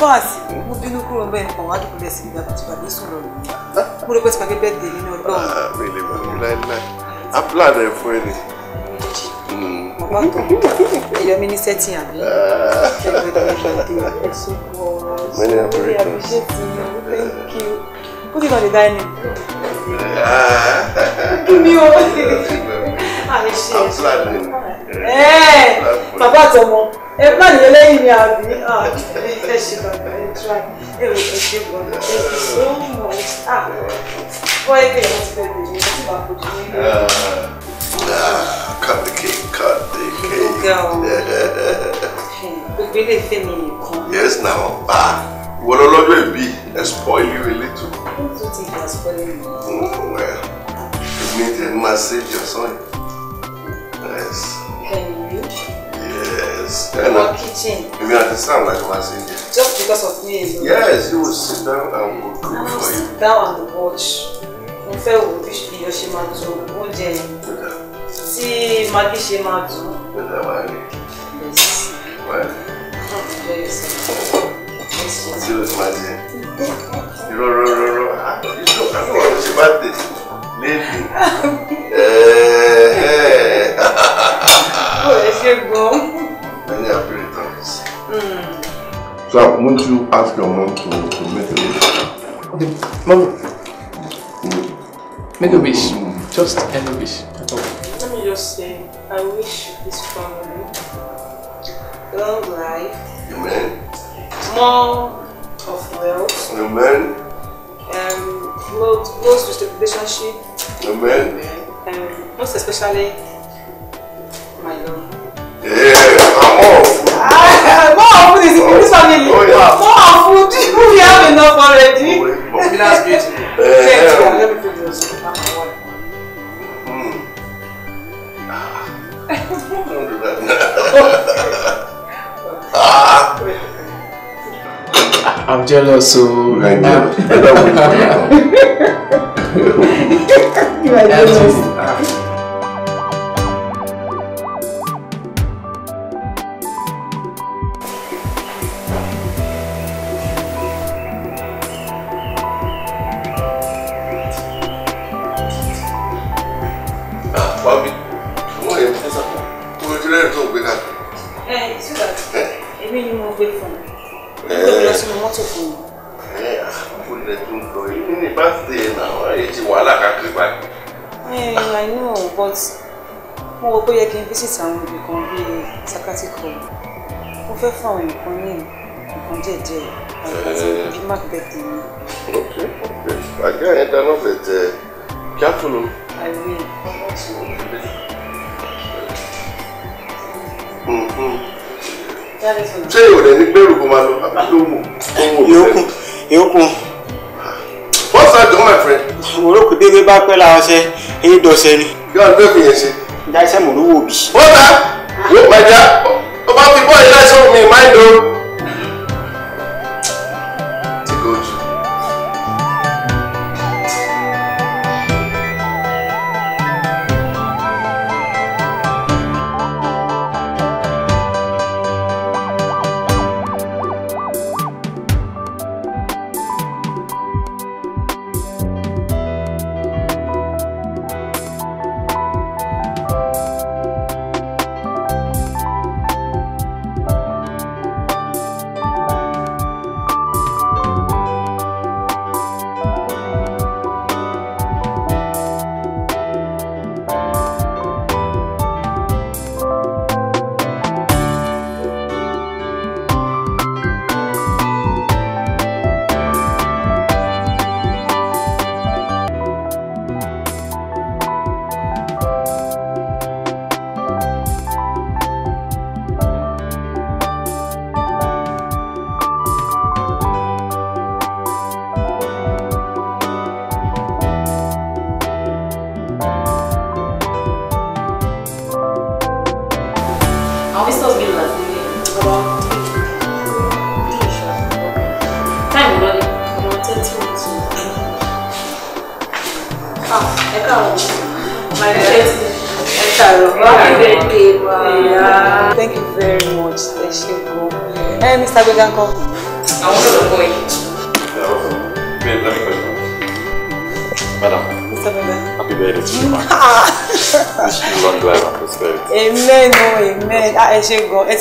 course mo bínú kúrò bẹ́ẹ̀ nǹkan wá dùkú bẹ́ẹ̀ sí ibi àti bàbá sọ̀rọ̀ mi mo rò pé tìpàgé bẹ́ẹ̀ dé nínú ọlọ́run. mi lè mọ mi láéláé a plan ẹ fún ẹ ni. mo bá tó ẹyọ mi ní sẹ́tì àbí ẹgbẹ́ ìgbàgbé ẹ̀sùn gbọ́ọ̀rọ̀ sí orí àbíṣẹ́tì thank you kó ti lọ́ọ́ lè dá ẹni. kí ni o àmì ṣe é. bàbá àtọmọ ẹ má ní eléyìí ni àbí ah, ẹ ṣe bàbá ẹ tura ẹ ò ẹ ṣe bọ̀ ẹ fi so much ah fọ́ ẹgbẹ́ yẹn ti bẹ̀rẹ̀ yẹn ti bá kojú nílé. cut the cake cut the cake. gbogbo ilé ìfẹ́ mi nìkan. yes na ọba ìwọ lọ́jọ́ ìbí ẹ spoil you a little. ó tún ti gbà spoil me. èmi tẹ̀ ń máa ṣe jọ̀sán Yes. Yes. Then Our kitchen. If you understand, like I was in there. Just because of me. So yes, you will sit down and we'll cook I will for sit down and watch. Mo fẹ́ wo bí iyọ̀ ṣe máa tó oúnjẹ yẹn. Tí Magí ṣe máa tó. Bẹ́ẹ̀ni àwọn àárẹ̀. Yes. Wẹ́ẹ̀. Tí o ti máa jẹ. Rọ́rọ́rọ́rọ́. Ìjọ àbí wọ́n ṣe máa tẹ̀ lẹ́nu. Ẹ̀ẹ́dẹ́gbọ̀n. So won't you ask your mom to, to make a wish? Okay, mom, mm. make a wish. Just any wish Let me just say, I wish this family long life. Amen. More of wealth. Amen. Um, close, close relationship. Amen. Um, most especially my love. Yeah. our food is in this family. Oh, our food. We have enough already. Mobila's oh, gate. Eh, eh, oh. Let me put this. Don't hmm. I'm jealous, so oh. right now. you are jealous. Ah. but mo wò pé yẹ kí n visit àwọn ibì kan bíi sakatiko mo fẹ́ fún àwọn nǹkan ní nǹkan díẹ̀díẹ̀ àti mark bẹ́ẹ̀ tèmi. ok ok àgbẹ̀ yẹn dáná bẹ̀ tẹ careful o. I will. Mhm. ṣé ìwọ dẹ̀ ní gbèrú kó máa lọ àbí ló mú owó ìfẹ́. ìyókùn. what's that done my friend. òrókù débé bá pẹ́ làwọn ṣe é dọ̀ṣẹ́ ni yóò ń gbẹ̀bù yẹn ṣe. ìjà iṣẹ́ mò ń wò bí. bọ́ta yóò pẹja ọba fi bọ́ọ̀lù láìsọ̀ mi máa ń lo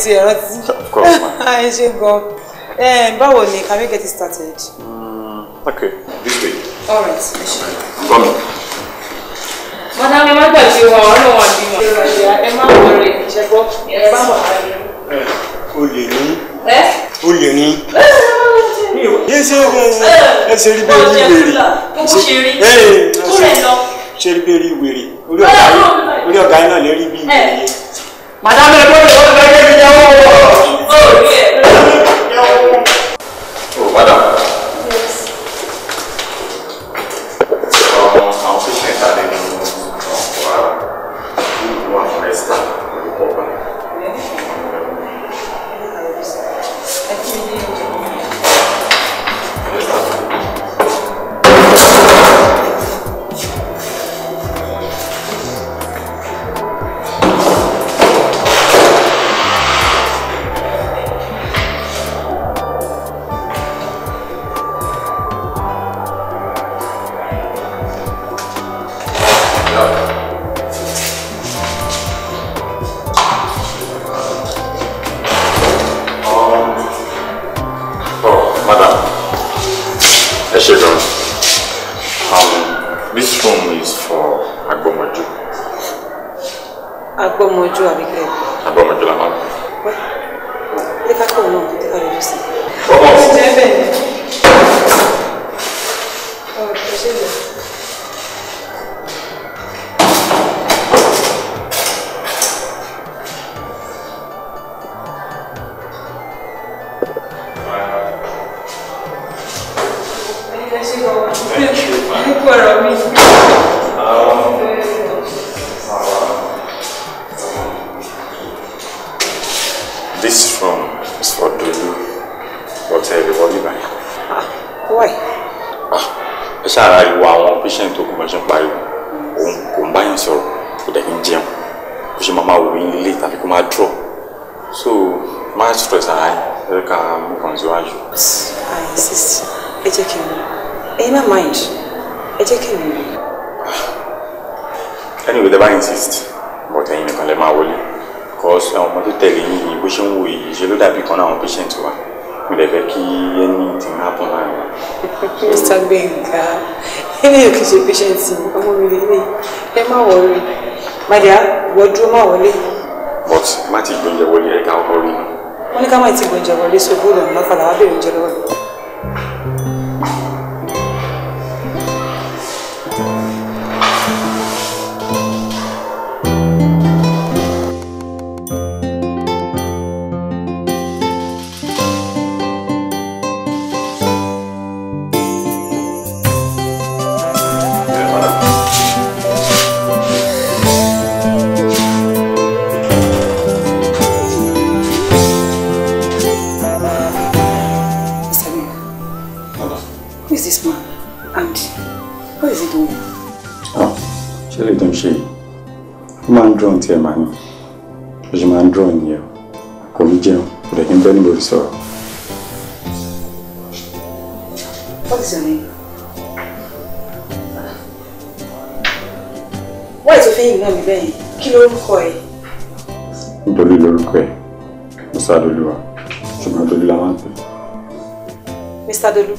ti rántí. of course ma. ẹ ṣe gan. báwo ni can we get it started. Mm, okay this way. all right ẹ ṣe. come on. mọ̀nà mi má gbàgbé wọn ọlọ́wọ́n àbí wọn. ẹ má wọrẹ ìṣẹ́gbọ́ ẹ bá wà láyé. o lè ní. o lè ní yé ṣe ohun ẹ ṣe rí bẹ́ẹ̀ rí wèrè ṣe rí bẹ́ẹ̀ rí wèrè orí ọ̀gá yín náà lè rí bí wèrè. madame ẹ bọ́dọ̀ know 什么威力？mi bẹ́yìn kí lórúkọ ẹ. Dolí lórúkọ ẹ Musa Dolúwa ṣùgbọ́n Dolí la máa ń pè. Mr. Dolu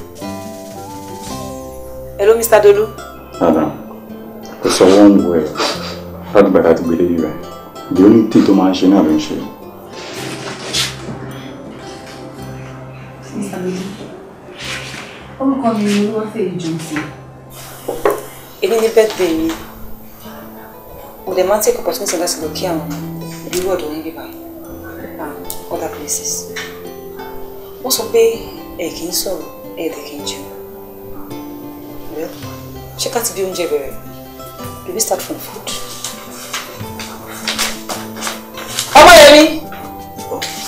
hello Mr. Dolu. Nana kò sọ wọ́n wọ ẹ láti gbàdá ti gbélé rẹ̀ the only thing tó máa ń ṣe náà ló ń ṣe. Mr. Dolu orúkọ mi ni wọ́n fẹ́ ìjọ sí. Èmi ni bẹ́ẹ̀ tẹ̀ mí. Would the man take opportunity that's look here? The world will be by and other places. Wọ́n sọ pé ẹ kì í sọ̀rọ̀ ẹ dẹ̀ kì í jẹun. Ṣé ká ti bí oúnjẹ bẹ̀rẹ̀? Do we start from food? Ọmọ Yẹmi,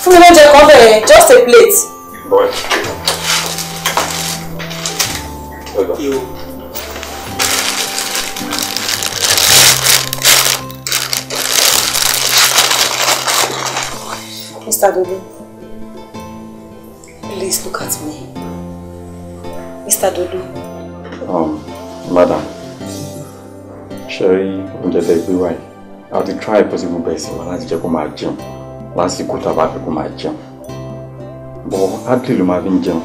fún mi lóúnjẹ kan bẹ̀rẹ̀ just a plate. Bọ́ẹ̀. Ìwọ. Dodo, please look at me. Mr. Dodo. Um, madam, Sherry, oúnjẹ tẹ́ gbé wáyé. I will try possible best wa láti jẹ́ kó máa jẹun lásìkò tá a bá fẹ́ go máa jẹun. Bọ̀ Adley ló máa fi ń jẹun.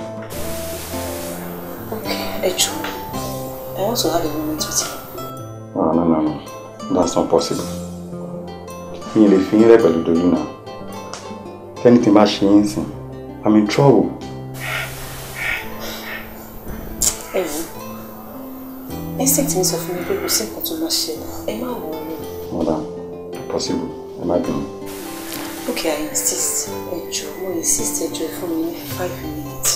Okay, Ejo, I also have a moment with you. No, no, no, no, that's not possible. Mi lè fi yín do pẹ̀lú Dolu tẹ́ni tí máa ṣe yín i'm in trouble. Hey, I said to sọ fún mi pé kò sí nǹkan tó máa ṣẹlẹ̀ ẹ má wọ ọ. madam possible ẹ má bínú. okay i insist ẹ jọ̀ọ́ mo insist ẹ jọ̀ọ́ ẹ fún five minutes.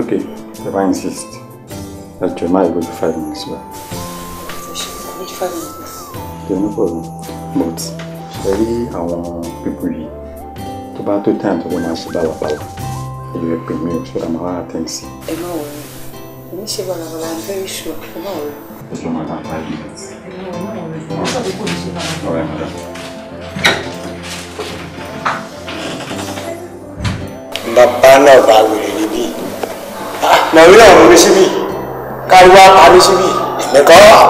okay if i insist ẹ jọ̀ọ́ má ìwé ju five minutes wá. ẹ ṣe ní five minutes. kì í ní problem but ṣe rí àwọn pípù yìí tó bá tó tán tó ló máa ṣe bálabàla ìlú ẹ pè mí o ṣọlá máa wá àtẹ̀yìn sí. ẹ má wọ ọ ní ṣe bálabàla i'm very sure ẹ má wọ. ẹ jọ máa dá five minutes. ẹ má wọ ọ ní ṣe bálabàla. ọ̀rẹ́ mi dá. bàbá náà bá wèrè níbí mọ̀rí náà mú mi síbí káríwá pa mí síbí èmi kọ́ ọ́.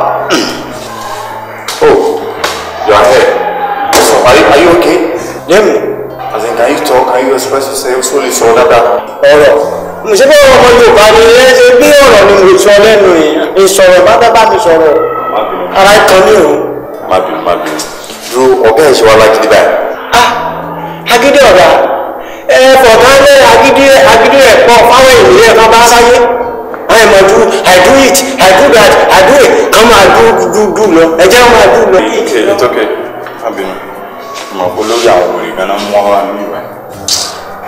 Oh. Your head. So, are you, are you okay? Yeah, me. As in, can you talk? Can you express yourself slowly so that that? Ọ̀rọ̀. Mo ṣe fẹ́ ọmọ Yorùbá ni ẹ ṣe bí ọ̀rọ̀ ni mo sọ lẹ́nu yìí. Ìsọ̀rọ̀ bá bá bá mi sọ̀rọ̀. Ara kan ní o. Má bínú má bínú. Dúró ọ̀gá ẹ̀ ṣe wá lágídí báyìí. Ah! Agídí ọ̀rá. Ẹ fọ̀tán lé agídí agídí ẹ̀ pọ̀ fáwọn ènìyàn kan bá sáyé. I am I do I do it I do that I do it lọ ẹ̀jẹ̀ wọn máa dùn lọ. okay it's okay abinu mọ̀ pé lórí àwọn òrì gan náà mú ọ́ra níbí ìwà.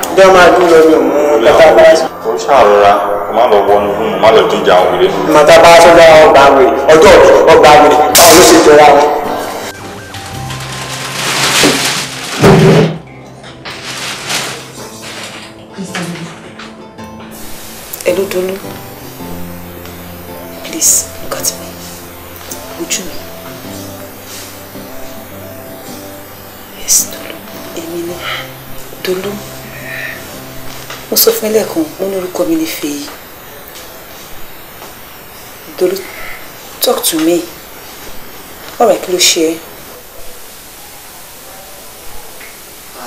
ẹ̀jẹ̀ máa dùn lọ mi ò mú pátá bá sọ. ó ṣàrora kó má lọ wọnú fún mi má lọ díjà àwọn òrì. màtá bá sọ́jà ọgbà wèrè ọjọ́ ọgbà wèrè báwo ló ṣe jọra wọn. Eludolu, please ojú mi. Yes, Tolu. Èmi ni Tolu. Mo sọ fún ẹlẹ́ẹ̀kan, mo ní orúkọ mi ní Fèyí. Tolu, talk to me. Ọ̀rọ̀ kí ló ṣe é?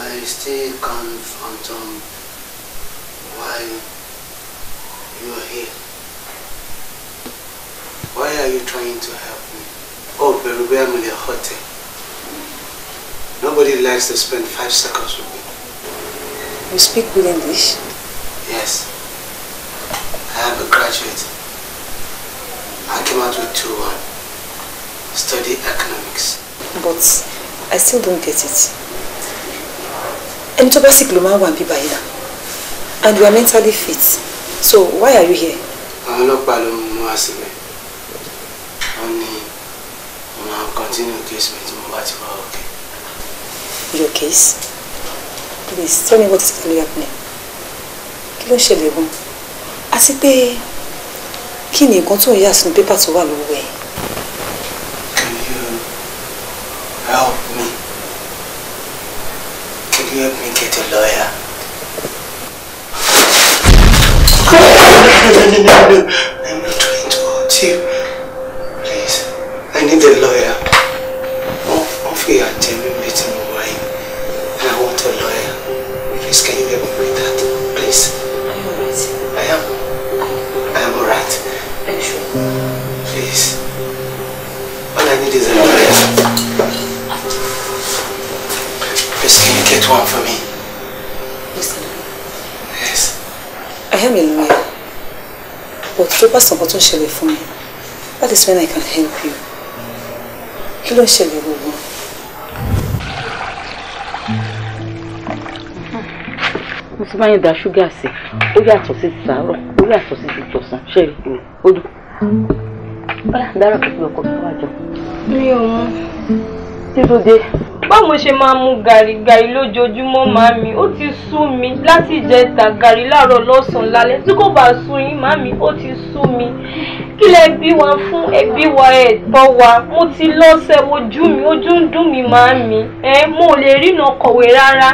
I still can't fathom why you are here. Why are you trying to help? Oh, Berube Amuliahote. Eh? Nobody likes to spend five seconds with me. You speak good English? Yes. I am a graduate. I came out with 2-1. Study economics. But I still don't get it. ẹni tó basic sì ló máa ń wà and you are mentally fit so why are you here. àwọn ọlọ́pàá ló mú wá síbẹ̀ wọ́n continue case mi tí mo bá okay. Your case? Please tell me what is really happening. Kí ló ń ṣẹlẹ̀ gan? Àti pé kí ni nǹkan tó ń yà sínú Can you help me? Can you help me get a lawyer? No, no, no, no, no. I'm not trying to hurt you. Please, I need a lawyer fìyà jẹ mí bí tí mo wáyé and I want a lawyer please can you help me with that please. Are you alright. I am. I am alright. Are you sure? Please. All I need is a lawyer. Please can you get one for me? Yes. I am a lawyer. But tó bá sọ̀bọ̀ tó ń ṣẹlẹ̀ fún that is when I can help you. You don't ń ṣẹlẹ̀ gbogbo? mo ti máa ń da ṣúgà sí ó yàtọ̀ sí ti sàárọ̀ ó yàtọ̀ sí ti tọ̀sán ṣẹ́rí kìíní ó dùn. bọ́lá dára kò ọkọ̀ tó wájọ. mi ò mọ kí ló dé. báwo mo ṣe máa mu gàrí gàrí lójoojúmọ́ hmm. màmí ó ti sú mi láti ìjẹta gàrí láàárọ̀ lọ́sàn-án lálẹ́ tí kò bá sú yín màmí ó ti sú mi kí lẹ bí wa fún ẹbí wa ẹ̀ tọ́ wa mo ti lọ́sẹ̀ ojú mi ojú ń dùn mí màmí ẹ mo ò lè rí náà kọ̀wé rárá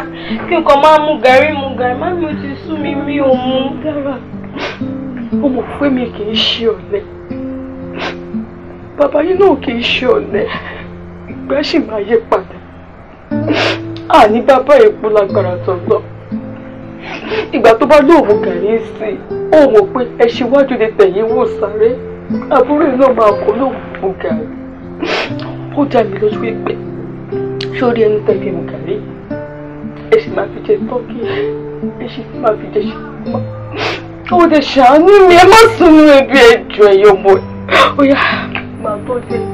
kí nǹkan máa mu gàrí mu gàrí màmí ó ti sú mi mi ò mu. ó pé mi kì í ṣe ọ̀lẹ bàbá yín náà kì í ṣe ọ̀lẹ ìgbà sì máa yé padà àní bàbá èpo lágbára tọ̀gbọ́n ìgbà tó bá lóòmù gàrí sí i ó mọ̀ pé ẹ ṣíwájú ni tẹ̀yìn wò sáré àbúrò náà máa kó lóòmù gàrí ó dá mi lójú pé sórí ẹni tẹ̀lé mù gàrí ẹ sì máa fi jẹ tọ́kì ẹ sì máa fi jẹ ṣàkóbá ó dẹ̀ ṣàánú mi ẹ má sunú ẹbí ẹjọ́ ẹ̀yọ́ mọ́ ẹ ó yá máa bọ́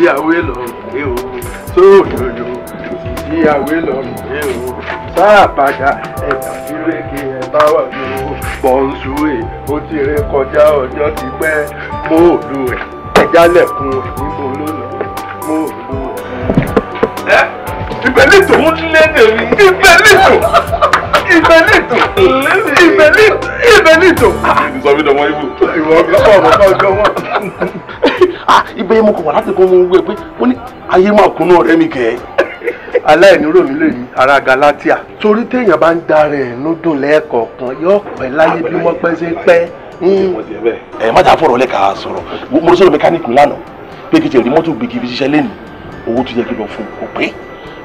ìyàwó lọ́rùn rẹ o sóòdòdò ìyàwó lọ́rùn rẹ o sáà padà ẹ̀dà fírèké ẹ̀ bá wà ní o bọ̀ǹsùwé ó ti ré kọjá ọjọ́ ti pẹ́ móòlù ẹ̀ ẹ̀jálẹ̀kùn ẹ̀ níbo ló lọ móòlù ẹ̀. ìbẹ̀lẹ̀tò ń lédè mi ìbẹ̀lẹ̀tò ìbẹ̀lẹ̀tò ìbẹ̀lẹ̀tò ìbẹ̀lẹ̀tò. ìsọfíndọ̀mọ́ ibù. ìwọ ọ̀gá ọ̀gá ọ̀gá ọ̀gá wọn ah ibẹ̀ mo kọ̀ wà láti kọ́ mo ń pé mo ní ayé máa kún náà mi kẹ́ aláìní ròmí lè ní ara galatia torí téèyàn bá ń darẹ̀ ẹ̀nu dùn lẹ́ẹ̀kọ̀ọ̀kan yóò pẹ́ láyé bí wọ́n pẹ́ sí pẹ́. ẹ hmm. má dàá fọ̀rọ̀ lẹ́ka sọ̀rọ̀ mo lọ sọ́dọ̀ mẹkáníìkì lánàá pé kìtì rí mọ́tò gbègi fi ṣiṣẹ́ lẹ́nu owó tó yẹ kí lọ fún kò pé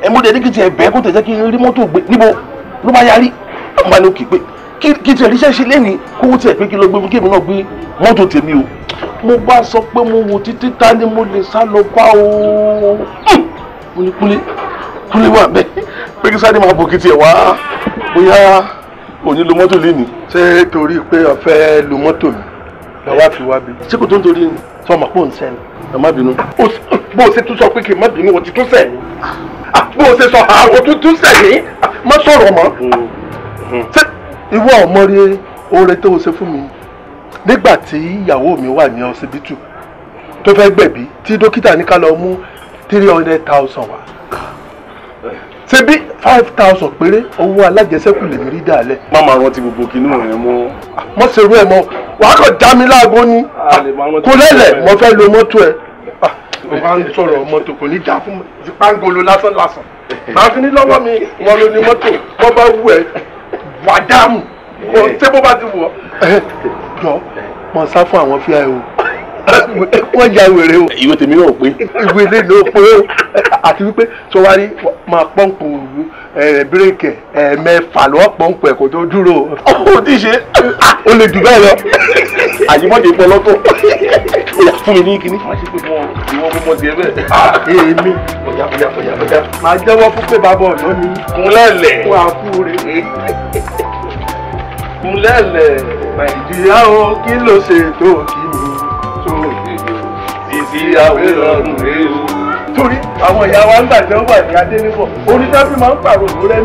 ẹ mo dẹ̀ ní kìtì ẹ̀ bẹ́ẹ̀ kó tẹ̀ jẹ́ rí mọ́tò gbé níbo ló bá yarí àwọn ọmọ ní òkè pé kí tiẹ̀ ríṣẹ́ ṣe lẹ́ni kó wọ́n tiẹ̀ pé kí lọ gbé kí èmi náà gbé mọ́tò tèmi o mo bá sọ pé mo wò títí ta ni mo lè sá lọ bá o hmm. mo ní kúlé kúlé wà bẹ́ẹ̀ pé kí sáré máa bò kí tiẹ̀ wá bóyá òní lo mọ́tò lẹ́ni. ṣé torí pé o fẹ́ lo mọ́tò mi lọ́wọ́ àfi wá bí. ṣé kò tó ń torí ni. sọ ma pò ń sẹ́ni. ẹ má bínú. bó o ṣe tún sọ pé kí n má bínú o ti tún sẹ́ni. Ah, bó o ṣe sọ àrò ah, tún tún sẹ́ni ah, má sọ̀rọ̀ mọ́. Hmm. Hmm ìwọ ọmọre oore tó o ṣe fún mi nígbà tí ìyàwó mi wà ní ọsibítù tó fẹ́ gbẹ̀bí tí dókítà ní ká lọ mú three hundred thousand wá ṣe bí five thousand péré owó alájẹsẹ́kù lèmi rí dálẹ̀. má máa rántí gbogbo kinú rẹ mọ́. mo ṣe irú ẹ mọ wàá kàn já mi láago ni kò lẹ́lẹ̀ mo fẹ́ lo mọ́tò ẹ mo máa ń sọ̀rọ̀ mọ́tò kò ní já fún mi pangolo lásán lásán màá fi ní lọ́wọ́ mi wọn lo ni mọ́tò bọ́ bá wù ẹ́ wà á dáàmú o ṣé bó bá ti wù ọ́. jọ mọ sá fún àwọn fíà o wọ́n ya wèrè o. ìwé tèmi náà pé. ìwé ilé ló pé o àti wípé tó wá rí máa pọ́ǹpù bírèkì ẹ̀ẹ̀mẹ́fà lọ́wọ́ pọ́ǹpù ẹ̀kọ́ tó dúró. ó ti ṣe ó lè jù bẹ́ẹ̀ lọ àyímọ́dé pọ̀ lọ́tọ̀ ìyá fún mi ní kíní. má ṣe pé mo ìwọ mo mọ tiẹ̀ bẹ́ẹ̀. Ah, èmi ọ̀yà ọ̀yà ọ̀yà ọ̀yà. màá jẹ́wọ́ fún pé bàbá ọ̀nà mi. kúnlẹ̀ lẹ̀. fún àkúrẹ́. Ńlẹ́lẹ̀ Nàìjíríà o kí ló ṣe tó kí mi tó lèlè o. Ìdí àwérọ̀rùn rè o. Torí àwọn ìyá wa ń gbàjẹ́ wà ní Adéníbọ̀, oníṣẹ́bí máa ń pàrọ̀ ló to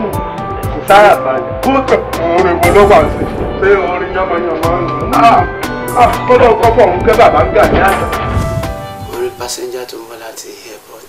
Kò sára balẹ̀. Kó tẹ̀ orin wo ló wà sí? Ṣé orin yánmọ́yánmọ́ ń lò? Ah, ah, Kọ́lọ́ kọ́kọ́ òun kẹ́ bàbá ń gà ní àná. Orí pásẹ́njà tó to wá láti airport.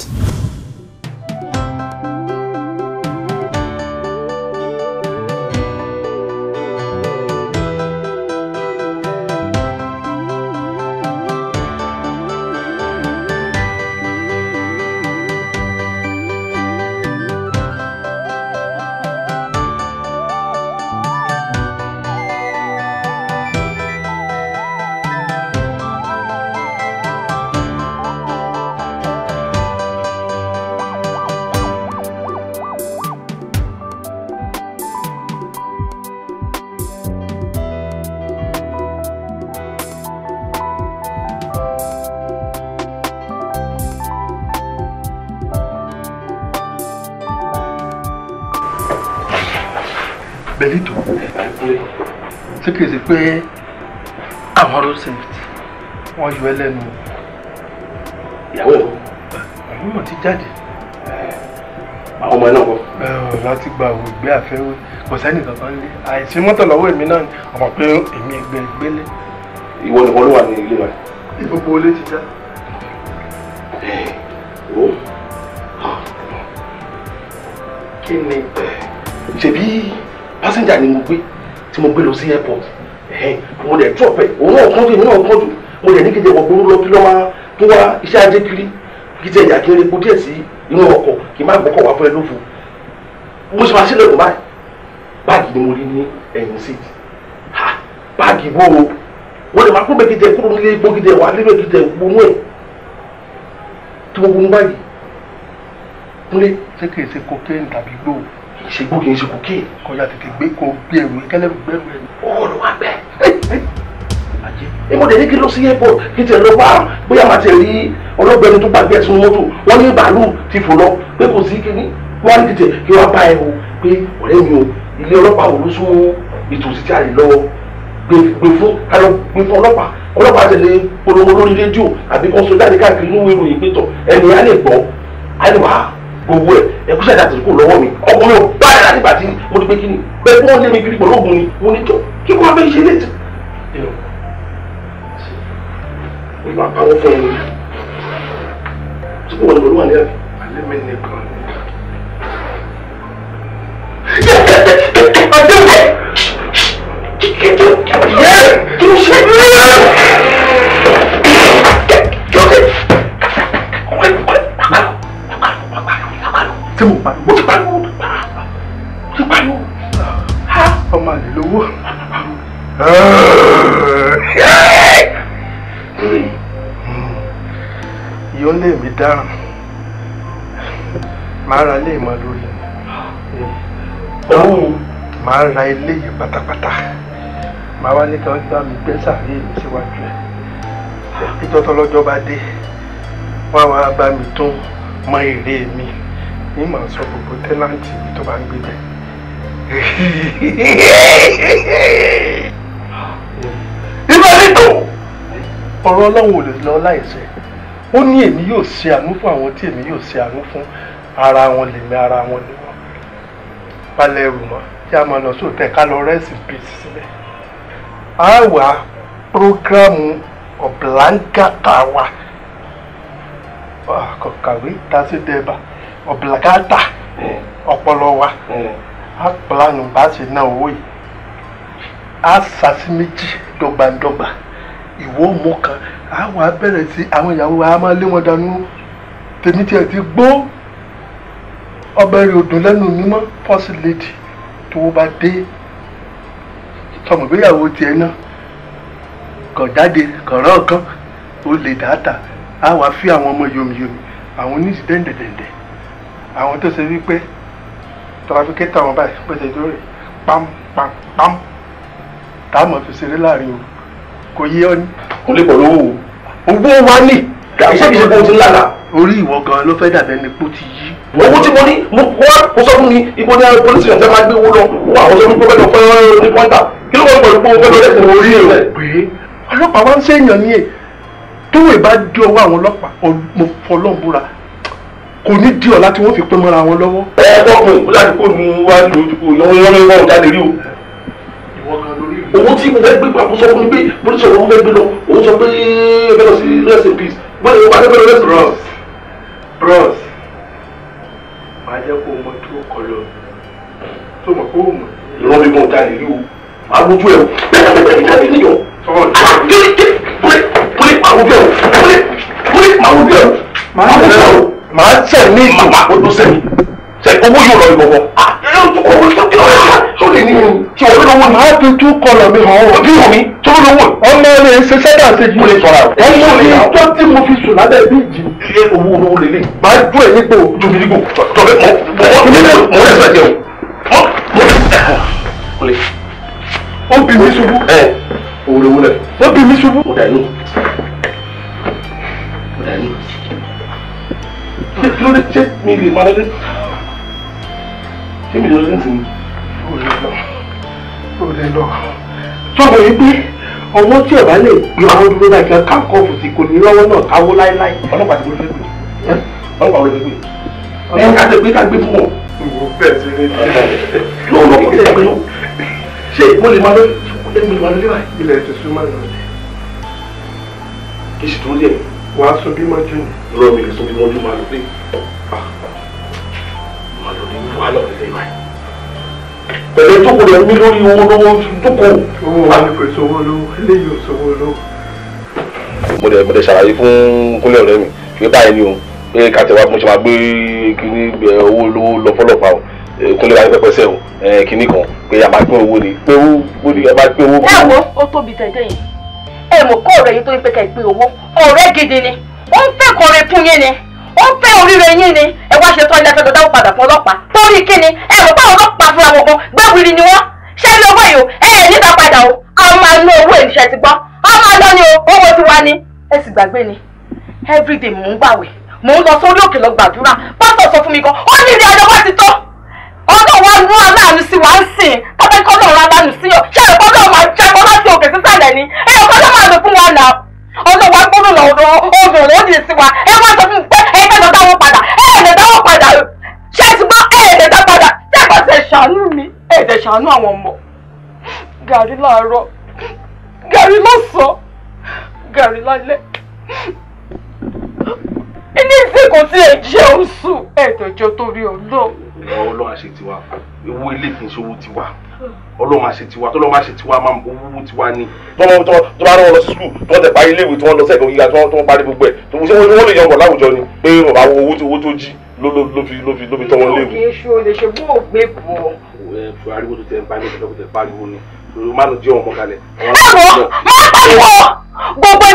pé àwọn road safety wọ́n yọ ẹlẹ́nu ìyàwó àwọn ọmọ ti jáde. àwọn ọmọ ẹ náà kọ. láti gba àwọn ìgbé àfẹ́wé kò sẹ́ni kankan lé àìsí mọ́tò lọ́wọ́ èmi náà ni ọmọ pé èmi ẹgbẹ́ gbélé. ìwọ nìkan ló wà ní ilé wa. gbogbo olè ti já. kí ni ṣebí pásẹ́njà ni mo gbé tí mo gbé lọ sí airport mo dẹ̀ drop ẹ̀ òun náà kánjú èmi náà kánjú mo dẹ̀ ní kí n jẹ́ wọ gbóró lọ kí lọ́ máa tó wá iṣẹ́ ajé kiri kí jẹ́ ìyá kí n lè po díẹ̀ sí inú ọkọ̀ kí n má gbọ́kọ̀ wá fún ẹ lófo mo ṣe máa sílẹ̀ kó báyìí báàgì ni mo rí ní ẹ̀yìn sí ha báàgì wo o wọ́n lè máa kó gbẹ̀gìdẹ̀ kúrò nílé gbẹ̀gìdẹ̀ wà nílé gbẹ̀gìdẹ̀ gbónú ẹ̀ tí mo gbónú báyìí kúnlé ṣé kìí ṣe cocaine tàbí lóò ṣe gbó kìí ṣe cocaine kọjá tètè gbé kó gbé ẹrù kẹlẹ gbẹrù ẹ. ọwọ́ ló ìmọ̀ dẹ̀ ní kí ló sí airport kí tẹ̀ lọ bá bóyá máa tẹ̀ rí ọlọ́gbẹ́ni tó gbàgbé ẹ̀sùn mọ́tò wọ́n ní bàálù ti fò lọ pé kò sí kíní wọ́n á ní tẹ̀ kí wọ́n bá ẹ o pé ọ̀rẹ́ mi o ilé ọlọ́pàá wò ló sún ìtòsí tí a lè lọ gbè fún kálọ̀ gbè fún ọlọ́pàá ọlọ́pàá tẹ̀lé polówó lórí rédíò àbí kan sójà ní káàkiri nínú ìròyìn pé tọ̀ ẹni á lè gbọ́ á lè wá gbogbo ẹ ẹkúṣẹ́ ìdá tẹ̀síkò lọ́wọ́ mi ọkùnrin ò bá ẹ̀rá nígbà tí mo ti pé kí ni bẹ́ẹ̀ bí wọ́n lé mi kiri pẹ̀lú òògùn ni mo ní tó kí wọ́n bẹ́ẹ̀ ṣe létí ìgbà àwọn fún mi tí mo lò wà ní àbí. alẹ́ mi nìkan ni. Ah! dáràn máa ra ilé ìmọ̀ lórí ọ̀hún máa ra ilé yìí pátápátá máa wá ní káwọn gbá mi gbé sàárè mi síwájú ẹ̀ ìjọ tọlọ́jọ́ bá dé wọ́n á wá bá mi tún mọ èrè mi ní màá sọ gbogbo tẹ́láǹtì mi tó bá ń gbé bẹ́ẹ̀. ìbálẹ̀ tó ọ̀rọ̀ ọlọ́run ò lè lọ láìsẹ̀ ó ní èmi yóò ṣe àánú fún àwọn tí èmi yóò ṣe àánú fún ara wọn lèmi ara wọn ni wọn balẹ̀ ẹrù mọ́ kí a máa lọ sóòtẹ́ ká lọ rest in peace sílẹ̀ á wà prógrámù ọ̀blángàtà wa kọ̀kàwé tásídẹ́ẹ̀bà ọ̀blángàtà ọpọlọ wa á pàlànà bá ṣe ná owó yìí á sàṣì dọ́gbandọ́gba ìwọ mọ kan àwọn abẹ́rẹ́ sí àwọn ìyàwó wa a máa lé wọn dànù tèmi tiẹ̀ ti gbó ọbẹ̀ rẹ̀ òdùn lẹ́nu mímọ́ first lady tó bá dé tọmọgbéyàwó tiẹ̀ náà kàn jáde kàn rán kan o lè dáàtà á wàá fi àwọn ọmọ yomiyomi àwọn oníṣì dẹ́ndẹ̀dẹ̀ndẹ̀ àwọn tó ṣe wípé tàbáfikẹ́tà wọn báyìí pẹ̀sẹ̀ tó rẹ̀ pam pam pam táwọn fi ṣeré láàrin o kò yé ọ ní. kò lè pọ̀ lówó o owó wa ní iṣẹ́ kìí ṣe kó o ti ń lára. orí ìwọ gan ló fẹ́ dàbẹ́ ni kó ti yí. owó tí mo ní mo wá mo sọ fún mi ipò ní àwọn polisi ọ̀tẹ́ máa gbé owó lọ wà mo sọ fún pé kò fẹ́ ní pọ́ńtà kí ló wọ́n pẹ̀lú pé o fẹ́ lọ́dẹ̀ tẹ̀wọ́ orí rẹ̀. pé ọlọ́pàá wá ń ṣèyàn ní ẹ̀ tó wè bá dé ọwọ́ àwọn ọlọ́pàá mo fọlọ́ búra kò ní di ọ̀la tí wọ́n fi pẹ́ mọ́ra wọn lọ́wọ́. ẹ ẹ kọ́kùn láti kó nu wá lójú kó yọ owó tí mo fẹ́ gbé papò sọ fún mi pé mo ní sọ̀rọ̀ mo fẹ́ gbé lọ òun sọ pé ẹ lọ sí rest in peace bọ́ọ̀lù ìwọ adébẹ̀rẹ̀ rest bros bros máa jẹ́ kó o mọ tó kọ lọ tó mọ̀ kó o mọ̀. ìran mi gan ta lè rí o máa wojú ẹ o bẹ́ẹ̀ bẹ́ẹ̀ bẹ́ẹ̀ bẹ́ẹ̀ níyọ̀ pé máa wojú ẹ o pé máa wojú ẹ o máa wojú ẹ o máa tẹ̀ ní ìlú máa wojú sẹ́mi owó yóò lọ ìgbọ̀ngàn ó lè ní o tí o lówó ni. a fi tú kọlọ̀ mi hàn ó bí hàn mi tó lówó. ọmọ rẹ ṣe sẹ́dá ṣe yìí. mo lè sọ̀rọ̀ rẹ̀. ọmọ mi tó tí mo fi sùn lábẹ́ bí jì. ilé owó olówó lélẹ̀. máa dún ẹ̀yìn pé o ju mi dígò. tọ́lẹ̀ mọ mọ mọ rẹ̀ sọ̀jẹ̀ o. ó bì mí ṣubú. owó lówó lẹ̀. ó bì mí ṣubú. mo dà inú. mo dà inú. ṣé kí ló dé ṣé mi lè máa lọ dé ṣé mi lè lọ dé òde lọ òde lọ sọ́kùn yìí pé ọwọ́ tí ọ̀bá lè gbé ọwọ́ dúró láì kan káńkọ́ fòsì kò ní lọ́wọ́ náà káwó láéláé. ọlọ́pàá ti gbé ọlọ́pàá ló fẹ́ gbé ẹ ká tẹ pé ká gbé fún wọn. mo bẹ̀ sí ní ìdílé. lọ́wọ́ kò tẹ̀ pé ṣé mo lè máa lọ ẹ̀mí máa lọ léwà. ilẹ̀ ti sún máa lọ. kí sì tó lẹ̀. wàá sọ bí mọ́jú ni. lọ́ọ̀ mi lè sọ bí mọ́jú máa lọ lé. máa lọ lé wàá lọ lé léwà yìí pẹ̀lú ìjókòó rẹ̀ mí lórí owó lówó jókòó. owó wa ni kò sówó lówó eléyìí ò sówó lówó. mo dẹ̀ mo dẹ̀ ṣàlàyé fún kúnlẹ̀ ọ̀rẹ́ mi pé báyìí ni o pé kàtẹ́wà mo ṣe máa gbé kíní owó lówó lọ fọ́lọ́pàá o kúnlẹ̀ wáyé pẹ́pẹ́ sẹ́wọ̀n kíní kan pé a máa pín owó ni pé owó ni a máa pín owó. ẹ ó tóbi tẹ̀tẹ̀ ẹ mọ̀ kó ọ̀rẹ́ yìí tó ń pẹ́kẹ́ pín owó ọ̀rẹ́ gidi ni wọ́n ń fẹ́ kọrin fún yẹn ni ó ń fẹ́ oríire yín ni ẹ wá ṣe tán ilé ẹfẹ́ dọ́dá padà fún ọlọ́pàá torí kí ni ẹ ọlọ́pàá fúnra wọn gan gbàgbìrì ni wọ́n ṣé ní owó yìí o ẹ ẹ níta padà o a máa ná owó ìṣẹ́ ti gbọ́ a máa lọ ni o owó ti wá ni ẹ sì gbàgbé ni everyday mò ń gbàwẹ̀ mò ń lọ sórí òkè lọ gbàdúrà pásítọ̀ sọ fún mi gan ó ní ilé ọjọ́ wá ti tó ọdún wa mú aláàánú sí wa ń sìn tọ́pẹ́ ọlọ́wà gbọ́dọ̀ lọ ọ̀dọ̀ ọdún lòdì sí wa ẹ wá sọ fún pé ẹ gbẹ́dọ̀ dáwọ́ padà ẹ lè dáwọ́ padà ṣé ẹ ti gbọ́ ẹ lè dá padà tẹ́kọ̀ọ́ ṣe ṣàánú mi ẹ ṣàánú àwọn ọmọ gàrí láàárọ̀ gàrí lọ́sàn-án gàrí lálẹ́ ilé ìsìn kò tí ẹ jẹun sùn ẹ̀ẹ́dọ̀jọ́ torí ọlọ́run. ìwọ ọlọ́run àṣetì wa ewu ilé kì í ṣòro ọlọ́run àṣẹ tiwa tọ́lọ́run àṣẹ tiwa máa ń bo owó tiwa ni tọ́mọ bá lọ sí skul tí tẹ̀ parí iléèwé tí wọ́n lọ sẹ́ẹ̀kọ́ gíga tí wọ́n parí gbogbo ẹ̀ tó wọ́n lè yọ̀ngọ̀ láwùjọ ni pé bàbá owó tí owó tó jí ló fi ló fi ló fi tọ́ wọn léwu. kì í ṣe olè ṣe bó o gbé bọ̀. ẹ fún ariwo tó tẹ ń parí ẹgbẹ́ tó tẹ pariwo ni torí má lọ jẹ́ ọmọ kalẹ̀. ẹ pariwo gbogbo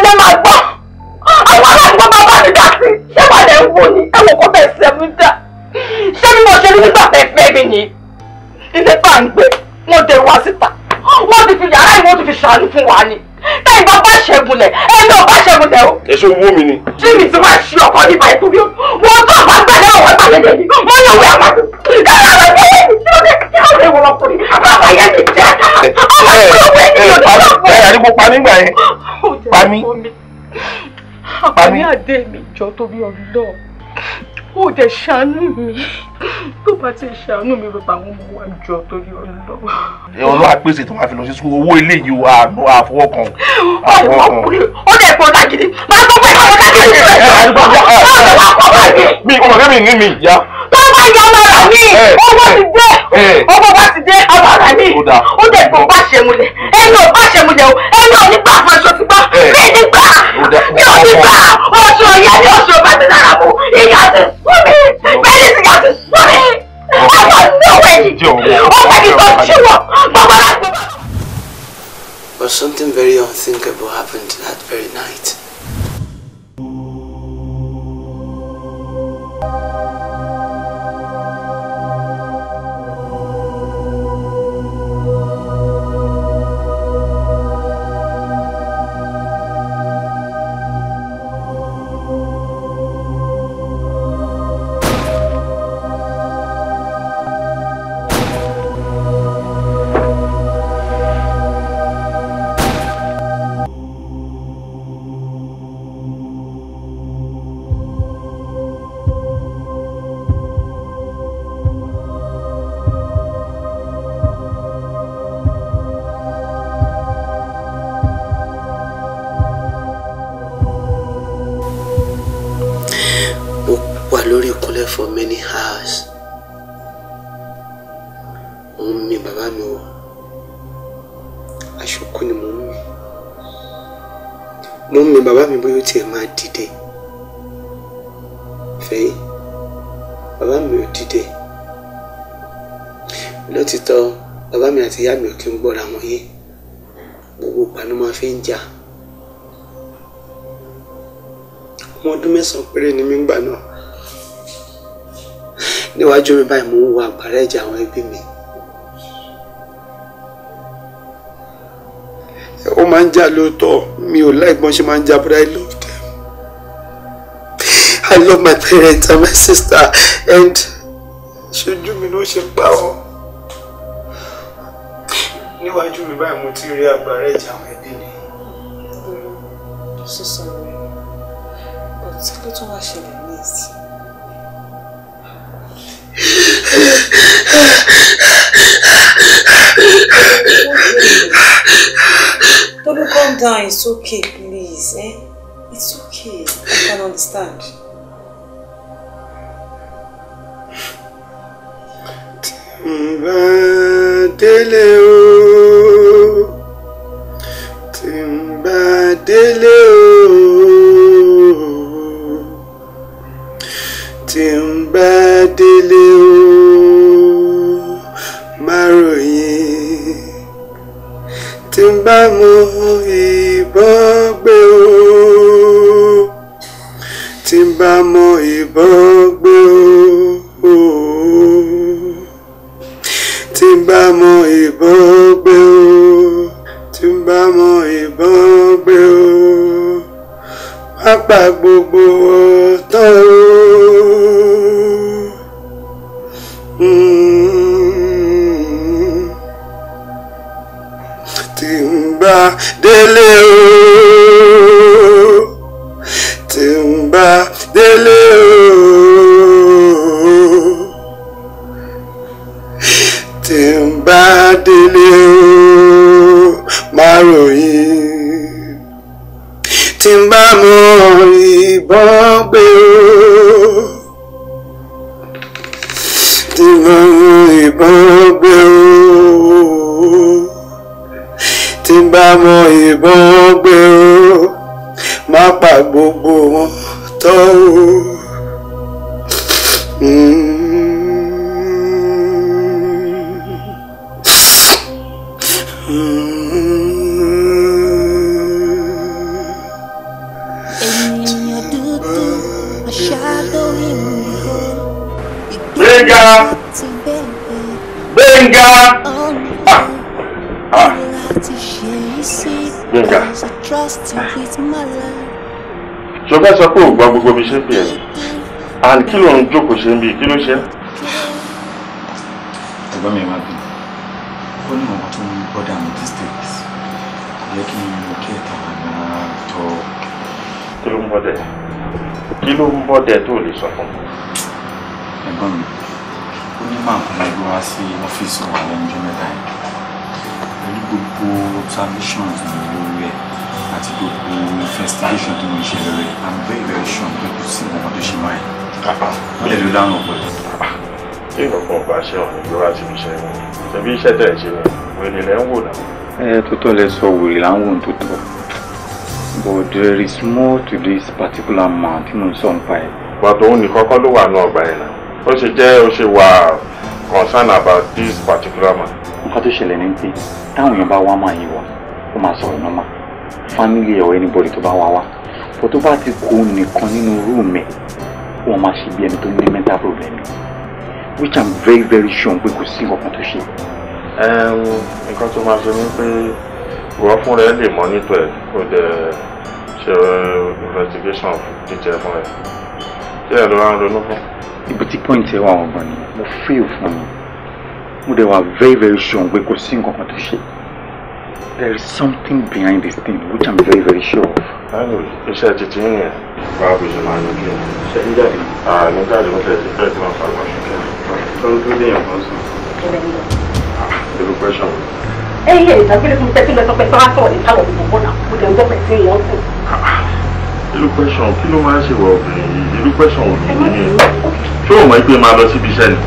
ẹgbẹ́ ṣàánú fún wa ni tẹ́yìn bá bá ṣẹ́gunlẹ̀ ẹni ò bá ṣẹ́gunlẹ̀ o. èso wo mi ni. tí mi ti máa ṣe ọkọ nípa ètò o mo tó bá gbẹdẹ ọwọ́ ìpàdé mi mo yàn wí àwọn kára rẹ fún mi kí ló dé kí ló dé wọ́n ọkùnrin bàbá yẹn ti jẹ́ ọmọ ìlú wẹ̀ ní ìlú náà. ẹ ẹ àdìgbò pa mí gbà yẹn pa mí. àpàmì àdé mi jọ tóbi ọdún náà ó dẹ̀ ṣàánú mi tó bá ti ṣàánú mi bàbá àwọn ọmọ wa jọ torí ọlọ́wọ́. ọlọ́wọ́ àpèsè tó máa fi lọ sí sukùl owó ilé yìí wà àfọwọ́kàn. ó lè pọ̀ lágídí máa gbọ́ pé àwọn lágídí rẹ̀ mi ọmọ kẹ́mi ní mi yá. tó bá yọ ọmọ rà ní ọmọ ti dé ọmọ bá ti dé ọmọ rà ní ó dẹ̀ tó bá ṣe mulẹ̀ ẹni ò bá ṣe mulẹ̀ o ẹni ò ní gbà fún aṣọ mi ò ní bá oṣù ọ̀yẹ́ ní oṣù ọ̀bá ti dára fún ìyá ti sún mi bẹ́ẹ̀ni ti yà ti sún But something very unthinkable happened that very night. ìyá mi ò kí ń gbọ́ra wọn yé gbogbo ìpanu máa fi ń jà ọmọ ọdún mẹ́sàn-án péré ni mí gbà náà níwájú mi báyìí mo ń wo àgbàrá ẹ̀jẹ̀ àwọn ẹbí mi ó máa ń jà lóòótọ́ mi ò láì gbọ́n ṣe máa ń jà but I love them I love my parents and my sister and ṣojú mi ló ṣe pa ọ́ níwájú mi báyìí mo ti rí agbára ẹ̀jẹ̀ àwọn ẹbí ni. sísọ rẹ ọtí ló tún wá ṣẹlẹ̀ ní ìsìn. Tolu, calm down. It's okay, please. Eh? It's okay. I can understand. Dele o. délé o tí ń bá délé o máa ròyìn tí ń bá mú ìbọn gbé o tí ń bá mú ìbọn. iṣẹ́ tẹ̀ ń ṣe yẹn wèrè lẹ́ ń wò náà. ẹ tó tọ́ lẹ sọ wèrè là ń wò tó but there is more to this particular man tí mo ń sọ nípa ẹ̀. bàtò òun nìkan kọ́ ló wà ní ọgbà yẹn ó ṣe jẹ́ ó ṣe wà concerned about this particular man. nǹkan tó ṣẹlẹ̀ ní pé táwọn èèyàn bá wá máa yí wa ó máa sọ̀rọ̀ normal family or anybody tó bá wá wá but tó bá ti kó nìkan nínú rúùmù ẹ̀ wọ́n máa ṣe bí ẹni tó ní mental problem which i'm very very sure pé kò sí nǹkan tó ṣe nǹkan tó máa ṣe ni pé ìwọ fún rẹ lè mọ nípa ẹ kó dẹ ṣe investigation jíjẹ fún ẹ kí ẹ lọ wá ń ronú fún. ibi tí point ẹ wà ọgbọ́n ni mo fail fún mi mo dẹ̀ wà very very sure pé kò sí nǹkan kan tó ṣe there is something behind this thing which i'm very very sure of. anyway iṣẹ́ títí yẹn báwo bí ṣe máa yanjú ẹ̀. ṣe ń jáde. àà ní jáde mo tẹ̀sí fẹ́ẹ́ tí wọ́n fà wọ́n ṣùgbọ́n. tó ń dúró lè kan sùn pẹ̀lú pẹ́ṣọ̀n. ẹ yẹ ìdágbélé fún tẹ́tí lọ sọpẹ́ sọ́wọ́ sọ̀rọ̀ nípa àwọn òkùnkùn náà mo jẹ́ ọjọ́ pẹ̀sí wọn sí. ìlú pẹ́ṣọ̀n kí ló máa ń ṣe wọ obìnrin yìí ìlú pẹ́ṣọ̀n ò ní ní ṣé o mọ̀ pé máa lọ síbi iṣẹ́ ni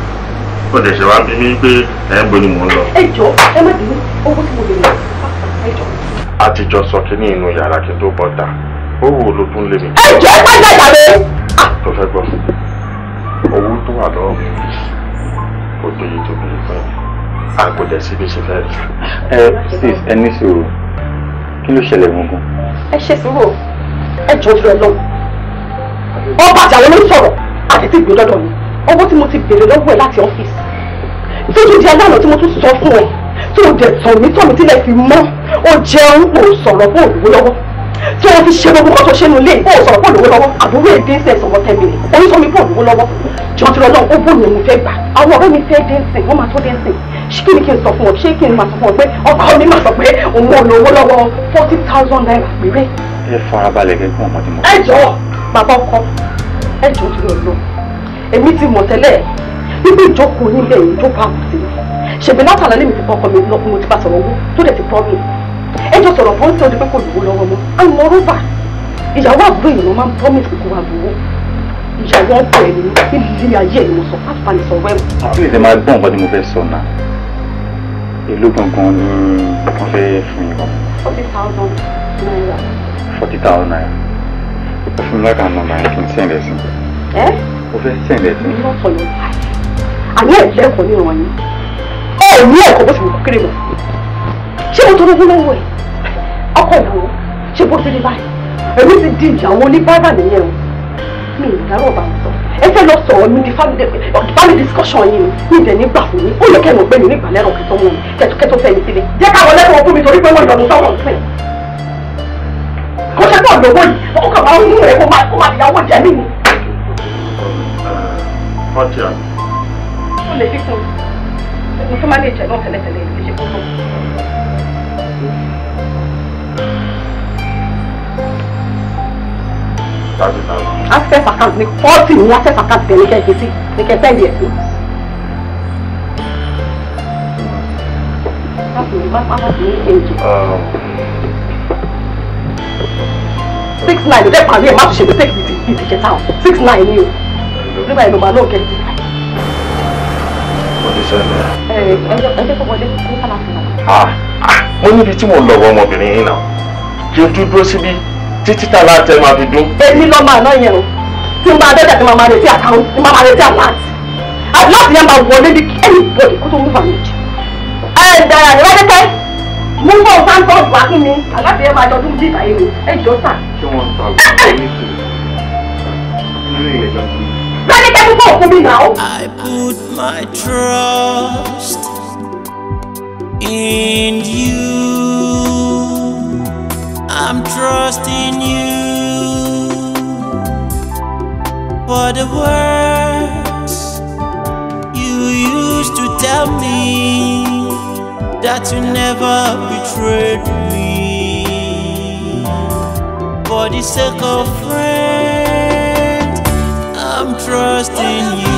kò dẹ̀ ṣe wá bí mi pé ẹ̀ ń bo ni mò ń lọ. ẹ jọ ẹ má bínú owó tí mo lè lọ ẹ jọ. a ti jọ sọ kínní inú yàrá kí n tó bọ̀ dà ó wò ló tún lé mi. ẹ jọ ẹ má jà jàre. tó ah! fẹ́ gbọ́ owó tó wà lọ́wọ́ mi kò tó yẹ tó bí fún mi àgùdẹ̀ sí bí ṣe fẹ́ rí. ẹ sis ẹ ní sùúrù kí ló ṣẹlẹ̀ gbọ̀ngàn. ẹ ṣe sùúrù ẹ jọ ojú ẹ lọ wọn bàjẹ́ àwọn ló sọ̀rọ̀ àti tí ìgbélọ́dọ̀ mi owó tí mo ti béèrè lọ́wọ́ ẹ láti ọ́fíìsì tí ojú di aláàlọ́ tí mo tún sọ fún ẹ tó dẹ̀ tàn mí tàn mí tílẹ̀ fi mọ́ ó jẹun ó sọ̀rọ̀ bó òwú lọ́wọ́ tí wọ́n fi ṣe gbogbo kan tó ṣe nulẹ̀ ó sọ̀rọ̀ pọ̀ lówó lọ́wọ́ àbúrò ẹ̀ dín sẹ̀sọ̀ wọ́n tẹ́mi rẹ̀ oyún sọ mi pọ̀ lówó lọ́wọ́ jọ̀ọ́ ti lọ́lọ́ ó bùn òun fẹ́ gbà àwọn ọ̀rẹ́ mi fẹ́ dẹ́nsìn wọ́n máa tó dẹ́nsìn ṣé kí ni kí n sọ fún ọ ṣé kí n máa sọ fún ọ pé ọkọ mi máa sọ pé òun ò lówó lọ́wọ́ forty thousand naira péré. ẹ farabalẹ̀ kẹ́kọ̀ọ́ ọmọ tí mo. ẹ jọ̀ọ́ bàbá ọkọ ẹ jọ̀ọ́ ti lọ lọ èmi ti mọ̀ tẹ́lẹ̀ nígbà ìjókòó nílẹ̀ ìjókòó àbùsí ṣèbí látàlá lèmi ti fọkọ mi lọ mo ti bá ẹ jọ sọ̀rọ̀ fún tọ́jú pé kò lówó lọ́wọ́ mọ́ and moreover ìyàwó àbúrò ìrìnà máa ń promise kókó wa gbowó ìyàwó ọkọ ẹ̀ ní ilé ayé ẹ̀ ni mo sọ àfààní sọ̀rọ̀ ẹ̀. àbí ìdè máa gbọ́ nǹkan tí mo fẹ́ sọ náà èló gangan ni wọ́n fẹ́ fún yín kan. forty thousand naira. forty thousand naira ó fún mi láka nọ́mbà yẹn kí n sẹ́ǹdẹ̀ sí. ẹ́ ó fẹ́ sẹ́ǹdẹ̀ sí. mo sọ yóò bá a àní ẹ̀ lẹ́kọ̀ọ́ ní ìrànwọ́ yín ẹ̀ ní ẹ̀kọ́ bó ṣe wù kó kéré mọ́ ṣé mo tọrọ fún lọ́wọ́ ẹ̀ ọkọ wo ṣé bó ti rí báyìí ẹ̀mí ti di ìyàwó oníbàárà nìyẹn o mi ì dárò bá ń sọ ẹ fẹ́ lọ sọ̀rọ̀ mi di family discussion yìí ni mi ìdẹ̀ nígbà fún mi ó yẹ kẹ́ ẹ̀ mọ̀ pé mi nígbà lẹ́rọ̀ kẹtọ́ mọ́ mi kẹtọ́ fẹ́ mi sílẹ̀ jẹ́ káwọn lẹ́rọ̀ fún mi torí pé wọ́n ìdọ̀nù sọ̀rọ̀ ń sìn kó ṣe pọ̀ lówó yìí ó kàn máa ń mú ẹ̀ kó máa kó máa ìyàwó jẹ mí ni. ọjà. ó lè fi kún un mo tún máa lè jẹ náà tẹ́lẹ̀tẹ́lẹ̀ ìṣèkóso. thirty thousand. access account ní fọ́ọ̀tì ní access account tẹ̀ ní kẹ́kẹ́ sí ní kẹ́kẹ́ ìdí ẹ̀sìn. six nine ló dé pàmì ẹ̀ má tún ṣe mistake bíi ti bíi o six nine ni o nígbà yẹn ló máa lóun kẹ́kẹ́. mo ti ṣẹlẹ̀. ẹ ẹ jẹ́ kó wọlé ní kálá fún wa. mo níbi tí mo lọ wọ ọmọbìnrin yìí náà kí n tún dúró síbí títí tá láti ẹ máa fi dún. èmi lọ máa ná yẹn o tí n bá abẹ́bẹ̀ tí màmá retí àtàwọn tí màmá retí àláàtì àláàtì yẹn máa wọlé bí kẹ́ni bọ̀dì kó tó mú fàmì jù. ẹ dàrà ní wájú tẹ mú kó o sáńtọ́ wá kí ni àláàtì yẹn máa jọdún bí ìbàyè ẹ jọ sà. ṣé ah, ah. kẹ́kọ̀ọ́ kò fún mi náà. I put my trust in you. I'm trusting you for the words you used to tell me that you never betrayed me for the sake of friends. I'm trusting you.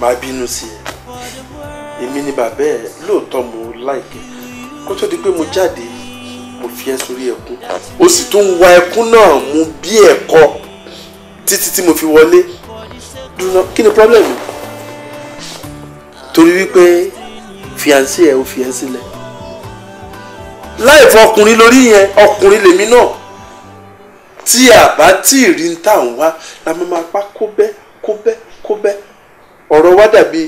máa bínú sí ẹ èmi ni bàbá ẹ lóòótọ́ mo láìpẹ́ kó tó di pé mo jáde mo fi ẹ sórí ẹkún ó sì tún wa ẹkún náà mú bí ẹ̀kọ títí tí mo fi wọlé dúró kí ni problem torí wípé fiancé ẹ ò fi ẹ sílẹ̀ láì fọ ọkùnrin lórí yẹn ọkùnrin lèmi náà tí a bá tí ì rí ń tà ń wá la máa máa pa kó bẹ́ kó bẹ́ kó bẹ́ ọ̀rọ̀ wa dàbí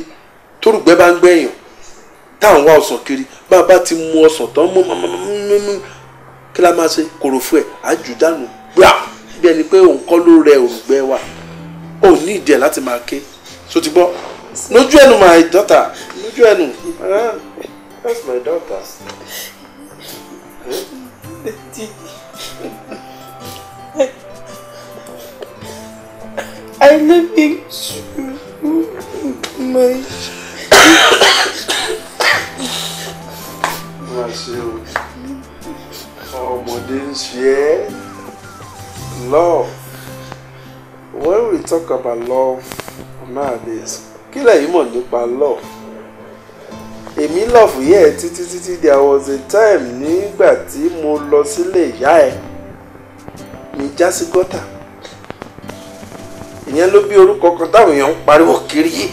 tórùgbẹ́ bá ń gbẹ̀yàn tá à ń wá ọ̀sán kiri bá ti mu ọ̀sán tán mú kí la máa ṣe kòròfó ẹ̀ àjù gbà bí ẹni pé òun kọ́ ló rẹ òrùgbẹ́ wa òun ní ìdí ẹ̀ láti máa ké so ti gbọ́ lójú ẹnu my daughter lójú ẹnu ah, that's my daughter. Eh? I love him mãe. Nasceu. Ọmọdé ń ṣe ẹ́. Love. When we talk about love nowadays, kí lẹ̀yin mọ̀ nípa love? Èmi love yẹ́ ẹ títí títí there was a time nígbà tí mo lọ sílé ìyá ẹ̀. Mi já sí gọ́tà ìyẹn ló bí orúkọ kan táwọn èèyàn ń pariwo kiri yìí.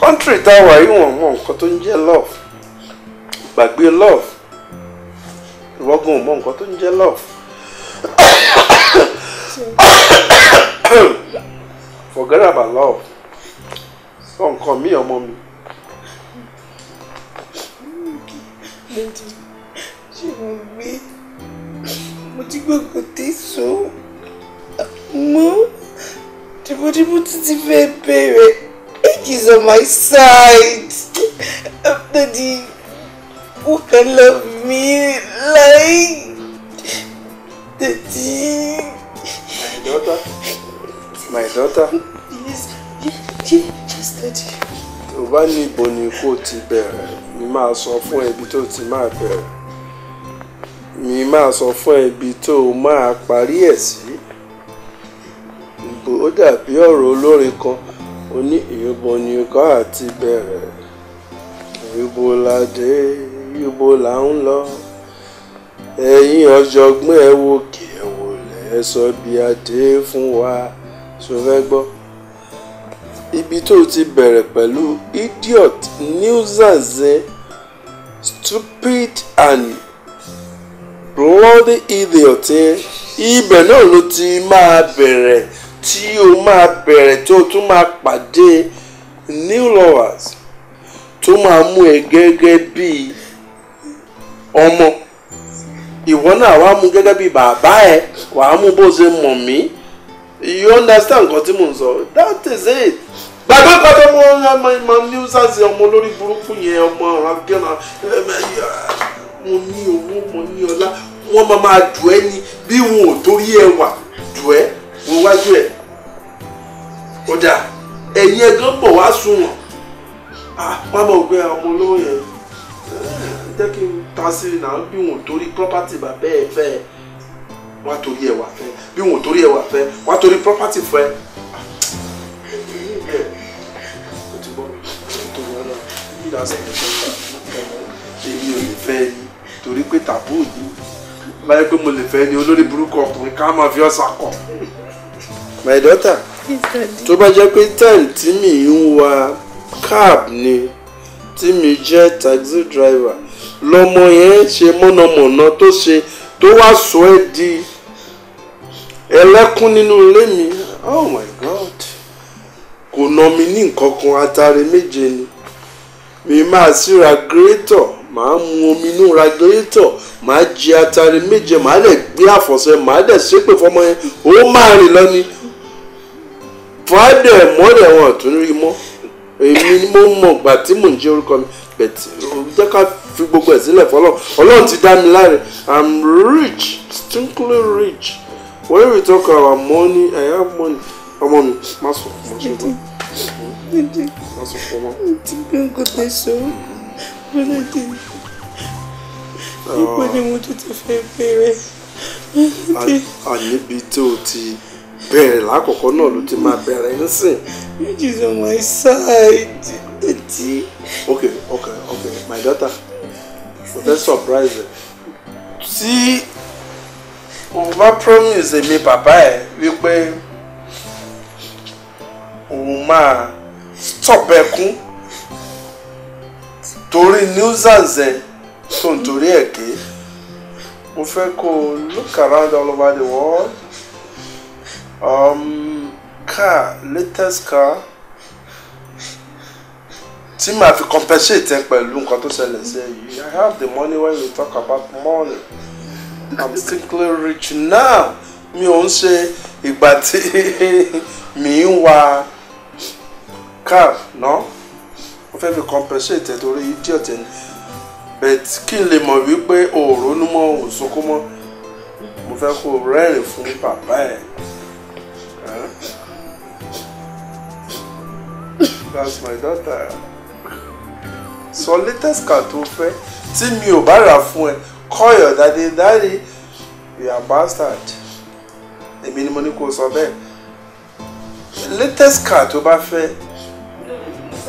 kọ́ńtírì tá a wà yìí wọ̀n mọ̀ nǹkan tó ń jẹ́ love gbàgbé love ìwọ́gun ò mọ̀ nǹkan tó ń jẹ́ love. forget about love sọ nǹkan mi ọmọ mi. ṣé mo gbé dígbòkò tẹ̀só mọ́ dìbòdìbò títí fẹ́ bẹ̀rẹ̀ age is on my side after the who can love me like daddy. my daughter my daughter. yes yes yes daddy. tó bá ní ibo ni kò ti bẹ̀rẹ̀ ni máa sọ fún ẹbí tó ti ma bẹ̀rẹ̀ mi máa sọ fún ẹ ibi tó o máa parí ẹ̀ sí ó dàbí ọ̀rọ̀ olórin kan ó ní ìyóbó ni ikọ́ àti bẹ̀rẹ̀ ìyóbó la dé ìyóbó là ń lọ ẹ̀yin ọ̀jọ̀gbọ́n ẹ wo kí ẹ wò lẹ́ sọ bí a dé fún wa ṣó fẹ́ gbọ́ ibi tó ti bẹ̀rẹ̀ pẹ̀lú idiot nuisance stupid and rùwọ́ ní ilé ọ̀tẹ́ náà ló ti máa bẹrẹ tí o máa bẹrẹ tí o tún máa pàdé new lovers tó máa mú ẹ gẹ́gẹ́ bí ọmọ ìwọ náà wàá mú gẹ́gẹ́ bí bàbá ẹ wàá mú bó ṣe mọ̀ mí you understand nǹkan tí ń sọ that is it gbàgbé mo ìmọ̀ ọmọ olórí burúkú yẹn ọmọ akẹ́nà mo ní owó mo ní ọlá wọ́n máa máa dùn ẹ́ ni bí wọn ò torí ẹwà dùn ẹ́ wọ́n wájú ẹ̀ ó dáa ẹ̀yin ẹ̀gán bọ̀ wá sùn wọ̀n wọ́n máa gbé ọmọ olówó yẹn jẹ́ kí n ta sí i náà bí wọn ò torí property bàbá ẹ̀ fẹ́ ẹ̀ wọ́n á torí ẹwà fẹ́ bí wọn ò torí ẹwà fẹ́ wọ́n torí property fẹ́ èmi ò lè fẹ́ yín torí pé tàbó yìí báyẹ pé mo lè fẹ́ ni olórí burúkú ọkùnrin ká máa fi ọ̀sà kọ̀. my daughter tó bá jẹ́ pé ten tí mi ń wa cab ni tí mi jẹ́ taxi driver lọ́mọ yẹn ṣe mọ̀nàmọ̀nà tó ṣe tó wá sọ ẹ́ di ẹlẹ́kún nínú ilé mi oh my god kò nà mí ní nǹkan kan atare méje ni mi máa síra greater màá mu omi inú radiator màá jẹ atare méje màá dẹ̀ gbé àfọ̀sẹ́ màá dẹ̀ ṣépè fọmọ yẹn ó máa rìn lọ ni friday mọ́lẹ̀ wọn àtún mọ́ èmi ni mo mọ̀ gbà tí mò ń jẹ́ orúkọ mi bẹ̀tì jẹ́ ká fi gbogbo ẹ̀ sílẹ̀ fọlọ́ ọlọ́run ti dá mi láre i'm rich strictly rich when we talk about money i have money ọmọ mi má sọ má sọ má sọ fọmọ. ti gbé lónìí níbo ni mo tún ti fẹ́ bẹ̀rẹ̀. àníbi tó o ti bẹ̀rẹ̀ lákọ̀ọ́kọ́ náà ló ti máa bẹ̀rẹ̀ ń sìn. which is on my side. okay okay okay my daughter kò fẹ́ surprise ẹ̀ tí o bá promise èmi bàbá ẹ̀ wípé òun máa stop ẹkún torí nuisance ẹ tó ń torí ẹ ké mo fẹ́ kó o look around all over the world um, car latest car tí màá fi compensate ẹ pẹ̀lú nǹkan tó ṣẹlẹ̀ sí ẹ yìí I have the money when we talk about money I'm still rich now mi ò ń ṣe ìgbà tí mi ń wa car náà. No? mo fẹ́ fi compensate ẹ̀ torí idiot ẹ̀ but kí n lè mọ̀ wípé o ò ronú mọ́ o ò sunkún mọ́ mo fẹ́ kó rẹ́rìn fún bàbá ẹ̀. that's my daughter So latest car tó fẹ́ tí mi ò bá rà fún ẹ call your daddy daddy you are bastard èmi ni mo ní kó o sọ bẹ́ẹ̀ latest car tó bá fẹ́.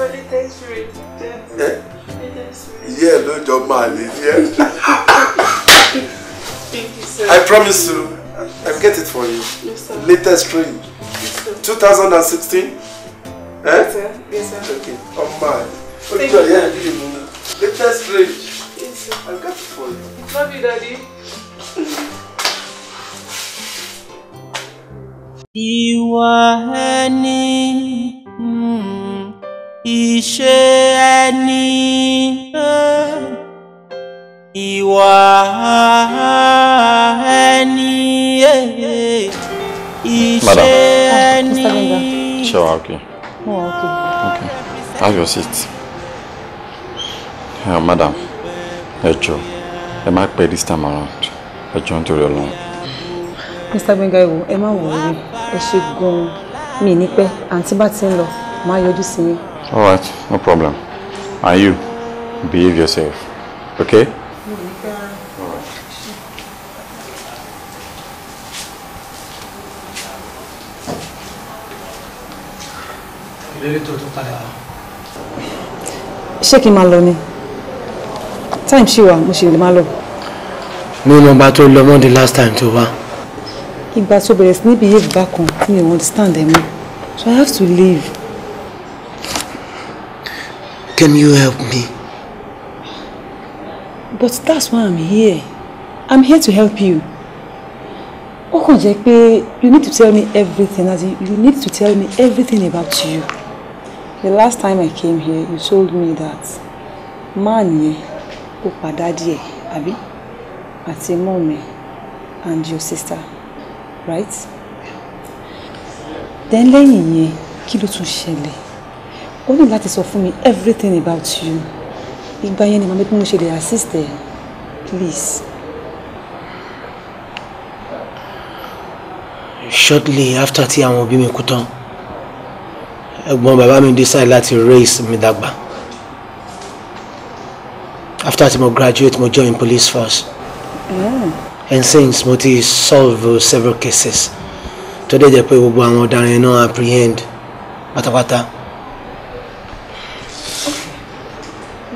Eh? Yeah, no job man. Yeah. Thank you, sir. I promise you, I'll get it for you. Yes, sir. Latest train. Yes, sir. 2016. Eh? Yes, sir. Yes, sir. Okay. Oh my. Oh, Thank you. Yeah, give me. Latest train. Yes, sir. I'll get it for you. Love you, daddy. ìwà ẹni. Mm ìṣe ẹni ìwà ẹni ìṣe ẹni. Sure, okay. Oh, okay. Okay. Have your seat. Yeah, madam, ẹ jọ̀ọ́, ẹ má this time around. Ẹ jọ̀ọ́ nítorí Ọlọ́run. Mr. Gbenga Ewo, ẹ má wọrí, ẹ ṣe gan-an. Mi ní pẹ́, àǹtí bá ti ń All right, no problem. And you, behave yourself, okay? All right. ṣé kí n máa lọ ni time ṣì wà mo ṣì lè máa lọ. mo mọ ọba tó lọ mọ́ the last time tó wá. ìgbà tó bẹ̀rẹ̀ sí ní behave bákan mi ò understand ẹ̀ mọ́ so I have to leave. Can you help me? But that's why I'm here. I'm here to help you. Ó you need to tell me everything as you need to tell me everything about you. The last time I came here, you told me that man yẹn ó padà díẹ̀, àbí? Àti and your sister, right? Then lẹ́yìn yẹn, kí ló tún o ní láti sọ fún mi everything about you ìgbà yẹn ni màmá bí mo ṣe lè assist ẹ please. shortly after tí àwọn òbí mi kú tán ẹ̀gbọ́n bàbá mi decide láti raise mi dàgbà after tí mo graduate mo join police force mm. and since mo ti solve several cases tó dẹ̀ jẹ́ pé gbogbo àwọn ọ̀daràn náà apprehend pátápátá.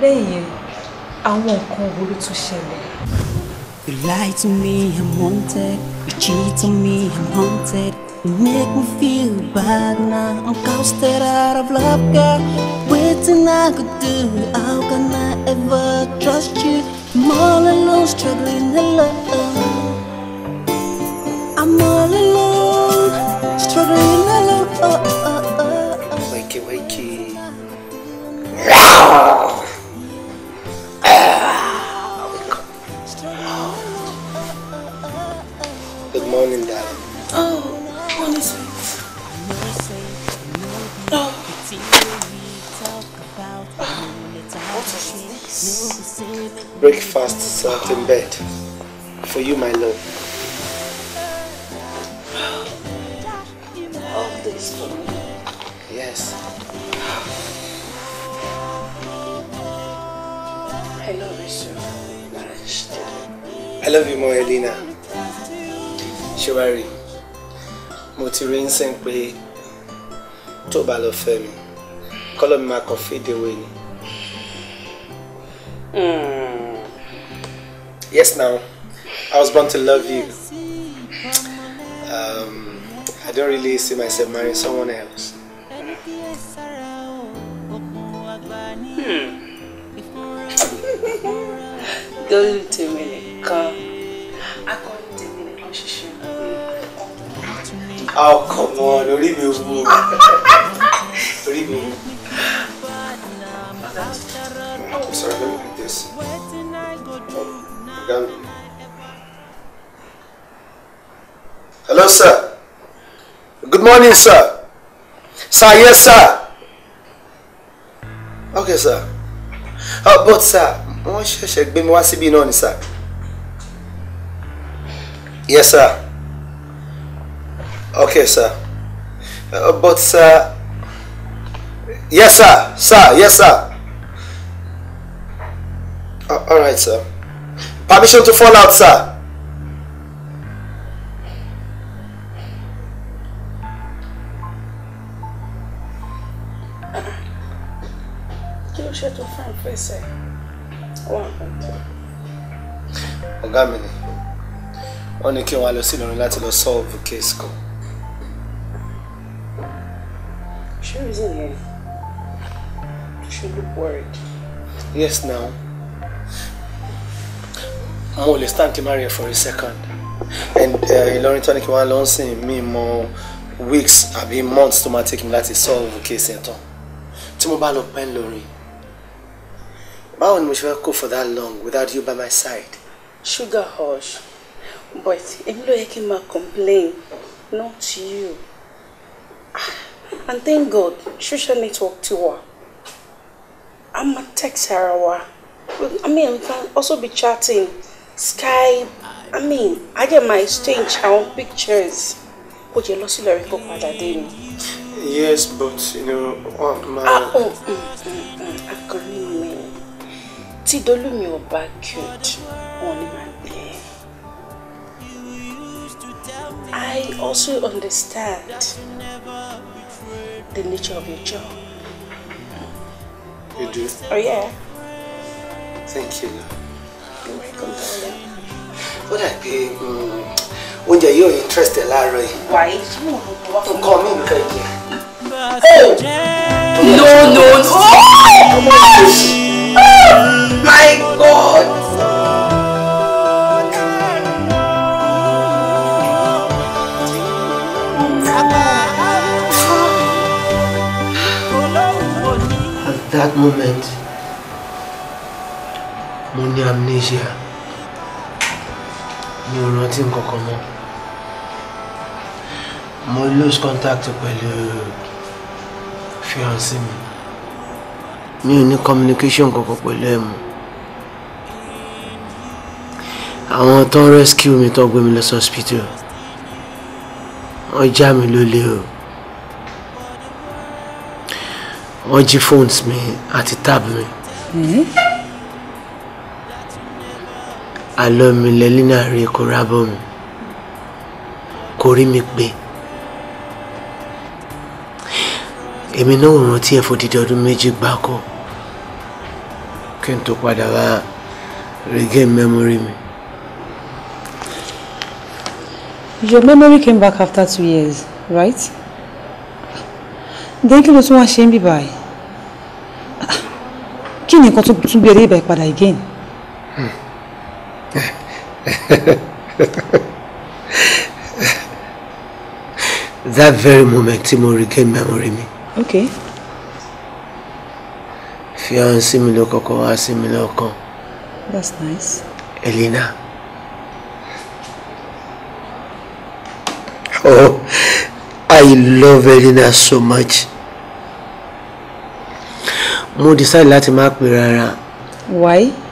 You lied to me, I'm wanted. You cheat on me, I'm haunted. You make me feel bad now. I'm ghosted out of love, girl. Waiting I could do. How can I ever trust you? I'm all alone, struggling alone. I'm all alone, struggling alone. Oh, oh. breakfast served in bed for you, my love. Yes. I love you so I love you more, Elena. Shiwari, mo ti rí ń sìn pé tó bá lọ Yes, now. I was born to love you. Um, I don't really see myself marrying someone else. Hmm. don't look to Come. I can Oh, come on. Don't leave me alone. Don't leave me I'm sorry. Let me do this. Hello, sir. Good morning, sir. Sir, yes, sir. Okay, sir. Uh, but, sir, wọ́n ṣẹ̀ṣẹ̀ gbé mi wá síbí náà sir. Yes, sir. Okay, sir. Uh, but, sir. Yes, sir. Sir, yes, sir. Uh, all right, sir. permission to fall out sir. ọ̀gá mi ni wọ́n ní kí wọ́n á lọ sí Ìlọrin láti lọ solve case kan. ṣé reason yẹn you should look worried. yes now mo lè stand Timari for a second and uh, Ìlọrin tó ní kí wọ́n lọ sí mi mọ weeks àbí months tó máa take mi láti solve case yẹn tán tí mo bá lọ pẹ́ lórin báwo ni mo ṣe fẹ́ kó for that long without you by my side. sugar hush but èmi ló yẹ kí n máa complain not you and thank God social network ti wà a máa text ara wa I mean we can also be chatting. Skype I mean I get my exchange àwọn pictures kò jẹ́ lọ sí lọ́rin kó padà dé ni. yes but you know one man. ah oh akọni mm, mm, mm, mi tí dolómi ọba killed wọn ni màá gbé. I also understand the nature of your job. You do? Oh yeah. Thank you. Love ó dà pé mm, oúnjẹ yóò interest ẹ láàárọ̀ yìí. wàyí tí mò ń lò wá nǹkan mi nǹkan ìjẹ. Oh! no no no oh, oh! my god. At that moment, mo ní amnesia mi ò rántí nǹkankan mọ́ mo lose contact pẹ̀lú fiancé mi mi ò ní communication kankan pẹ̀lú ẹ̀ mọ́ àwọn tó ń rescue mi tó gbé mi lọ sí hospital wọ́n já mi lólè o wọ́n jí phones mi àti tab mi. Mm-hmm àlọ́ mi lẹ́línà rẹ̀ kó rábọ̀ mi kò rí mi pé èmi náà ò rántí ẹ̀ e fòdìdí ọdún méjì gbáko kí n tó padà wá regain memory mi. Your memory came back after two years, right? Then kí ló tún wá ṣe ń bíbáyìí? Kí ni nǹkan tó tún bí ibà padà again? that very moment tí mo memory me. okay. fiancé mi ló kọ́kọ́ wá sí mi lọ́kàn. that's nice. Elena. Oh, I love Elena so much. Mo decide lati má pè rárá. Why?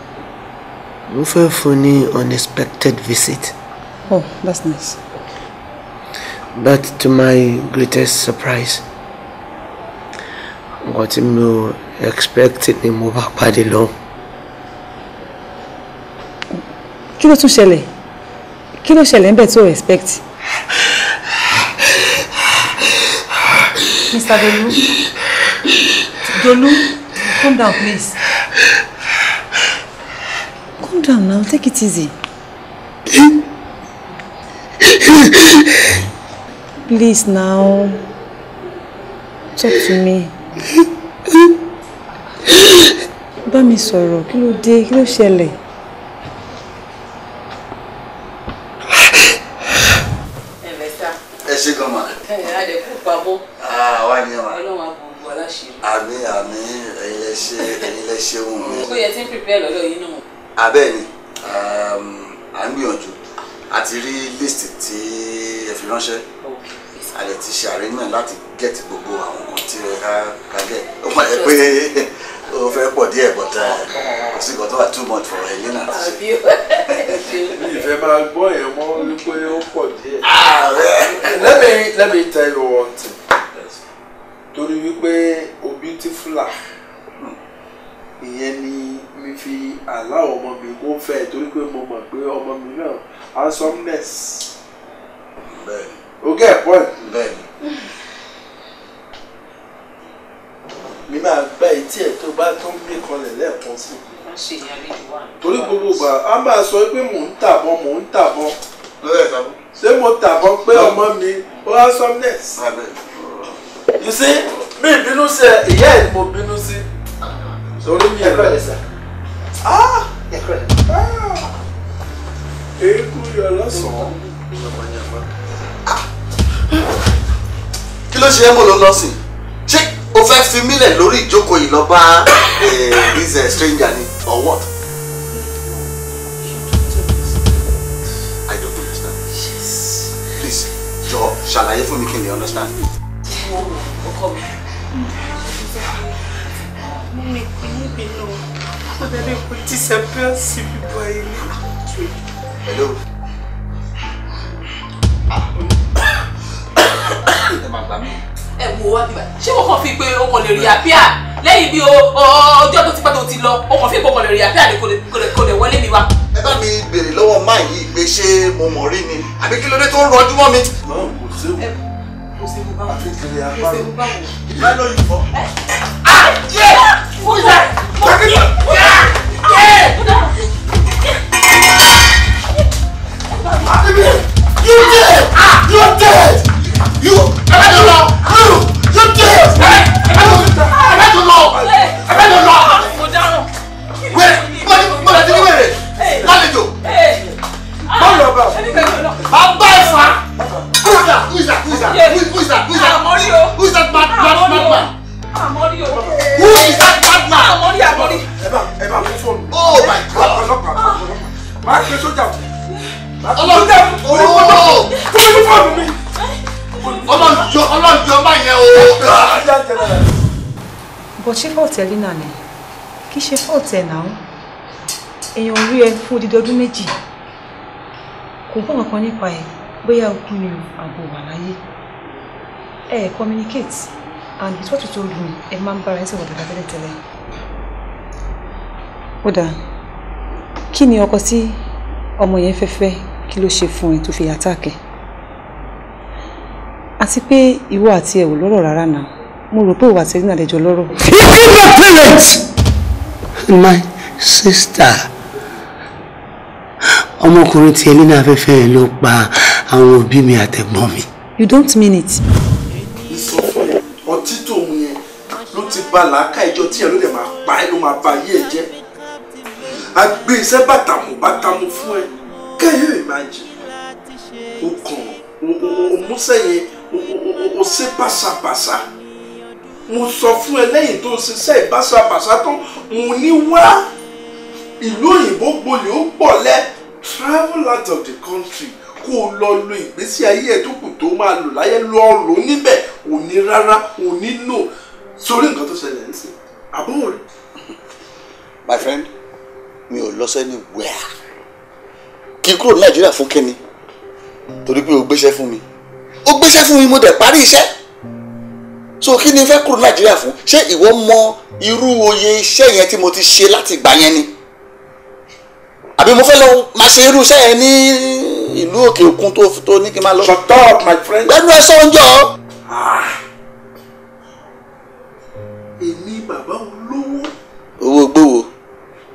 mo fẹ́ fún ní unexpected visit. oh that's nice. but to my greatest surprise nǹkan tí mi ò expect ni mo bá pàdé lọ. kí ló tún ṣẹlẹ̀ kí ló ṣẹlẹ̀ ń bẹ̀ tó expect. Mr. Dolu Dolu calm down please calm now. Take it easy. Please now. Talk to me. Bá mi sọ̀rọ̀. Kí ló dé? Kí ló ṣẹlẹ̀? Ẹ ṣe gan ma. Ẹ̀yà àdẹ̀kú pamọ́. Àwa ni wa. Ọlọ́run àbùkù aláṣẹ. Àmín àmín ẹ̀yin lẹ ṣe ẹ̀yin lẹ ṣe òun. Ó yẹ tí ń pèpè lọ́dọ̀ yín náà abẹ́ẹ̀ni ehm, à ń gbìyànjú àti rí list tí ẹ fi ránṣẹ́ a lè ti ṣe arrangement láti get gbogbo àwọn nǹkan tí ẹ ká get ó mọ̀ ẹ́ pé ó fẹ́ pọ̀ díẹ̀ but eh, kò sí nǹkan tó wà too much for Helena ah, ti ṣe. mi ìfẹ́ máa gbọ́ yẹn mọ́ wípé ó pọ̀ díẹ̀. let me let me tell you one thing torí wípé o beautiful ah ìyẹn ni mi fi àlá ọmọ mi mo fẹ́ torí pé mo mọ̀ pé ọmọ mi náà handsomeness. bẹ́ẹ̀ni. o get point. bẹ́ẹ̀ni. mi máa gbá etí ẹ̀ tó bá tó ń gbé kanlẹ̀ lẹ́ẹ̀kan sí i torí gbogbo ìgbà a máa sọ pé mò ń tàbọn mò ń tàbọn ṣé mo tàbọn pé ọmọ mi ó wá you see mi bínú sí ẹ ìyá ẹ mo bínú sí ah, ah. torí mi ẹ bẹ̀rẹ̀ sá. Ah! Your credit. Ah! Eku yọ lọ́sàn-án. Kí ló ṣe é mo ló lọ sí? Ṣé o fẹ́ fi mílẹ̀ lórí ìjókòó yìí lọ bá this uh, stranger ni or what? I don't understand. Yes. Please, jọ ṣàlàyé fún mi kí n lè understand. Ọkọ mi, mo fẹ́ fi mú Vous allez écouter sa peur si vous voyez. Hello. ẹ wo wá bíbá ṣé wọn kàn fi pé o kàn lè rí àpíà lẹ́yìn bí ọjọ́ tó ti pẹ́ tó ti lọ o kàn fi pé o kàn lè rí àpíà lè kò lè wọlé mi wá. ẹ bá mi béèrè lọ́wọ́ máa yìí pé ṣé mo mọ̀ rí ni àbí kí ló dé tó ń rọjú mọ́ mi. náà kò séwu kò séwu báwo àti kiri apá rẹ kò séwu báwo. ẹ lọ yìí fọ. ah yẹ fúnṣẹ fúnṣẹ. Ah! You did! You did! You ẹ̀fẹ̀ tó lọ! You did! Ah! Ah! ẹ̀fẹ̀ tó lọ! ẹ̀fẹ̀ tó lọ! Wẹ́ẹ̀ mo lè ti ní wèrè lálejò. Báwo lọ bá? Bàbá ẹ̀fà! Who is that? Who is that? Who is that? Who is that? Who is that? Who is that bad bad bad man? Who is that bad man? Ẹ bá ẹ bá fún fóònù. Oh my God! Máa ń pe sójà fún. ọlọ́run orí fóònù mi ọlọ́run jọ má yẹn o. bó ṣe fọ́ọ̀tẹ̀ lina ni kì í ṣe fọ́ọ̀tẹ̀ náà èèyàn rí ẹ fún odidi ọdún méjì kò gbọ́ kankan nípa ẹ communicate and with what you told me ẹ máa ń bára ẹ sọ̀rọ̀ dàgbà tẹ́lẹ̀tẹ́lẹ̀. ó dáa kí ni ọkọ tí kí ló ṣe fún ẹ tó fi attack ẹ àti pé ìwọ àti ẹ ò rárá náà mo rò pé ìwà àtẹ̀yìn àlejò lọ́rọ̀. you are my parent my sister ọmọkùnrin tí ẹlẹ́nà afẹ́fẹ́ ẹ ló pa àwọn òbí mi àtẹ̀gbọ́n mi. you don't mean it. sọ fún ẹ yẹn ló ti ba làákà ìjọ tí ẹ ló máa pa ẹ ló máa ba ayé ẹ jẹ́ a gbé iṣẹ́ bàtàmù bàtàmù fún ẹ. Can you imagine? O kàn o mú sẹ́yìn o ṣe bàṣàbàṣà. Mo sọ fún ẹ lẹ́yìn tó ṣiṣẹ́ ìbáṣàbàṣà tán, mo ní wá ìlú òyìnbó gbolè ó pọ̀ lẹ́ travel out of the country kó o lo ìgbésí ayé ẹ tó kù tó máa lò láyé lọ rò níbẹ̀ ò ní rárá ò ní lò sórí nǹkan tó ṣẹlẹ̀ my friend mi ò lọ sẹ́ni wẹ́ẹ̀ ti kúrò nàìjíríà fún kíni torí pé o gbéṣẹ́ fún mi o gbéṣẹ́ fún mi mo dẹ̀ parí iṣẹ́ so kí ni fẹ́ kúrò nàìjíríà fún ṣé ìwọ mọ irú oyè iṣẹ́ yẹn tí mo ti ṣe láti ìgbà yẹn ni àbí mo fẹ́ lọ máa ṣe irú iṣẹ́ yẹn ní ìlú òkè òkun tó tó ní kí n máa lọ. shut up my friend. lẹ́nu ẹ sọ oúnjẹ ọ. Ah. èmi bàbá olówó. owó gbówó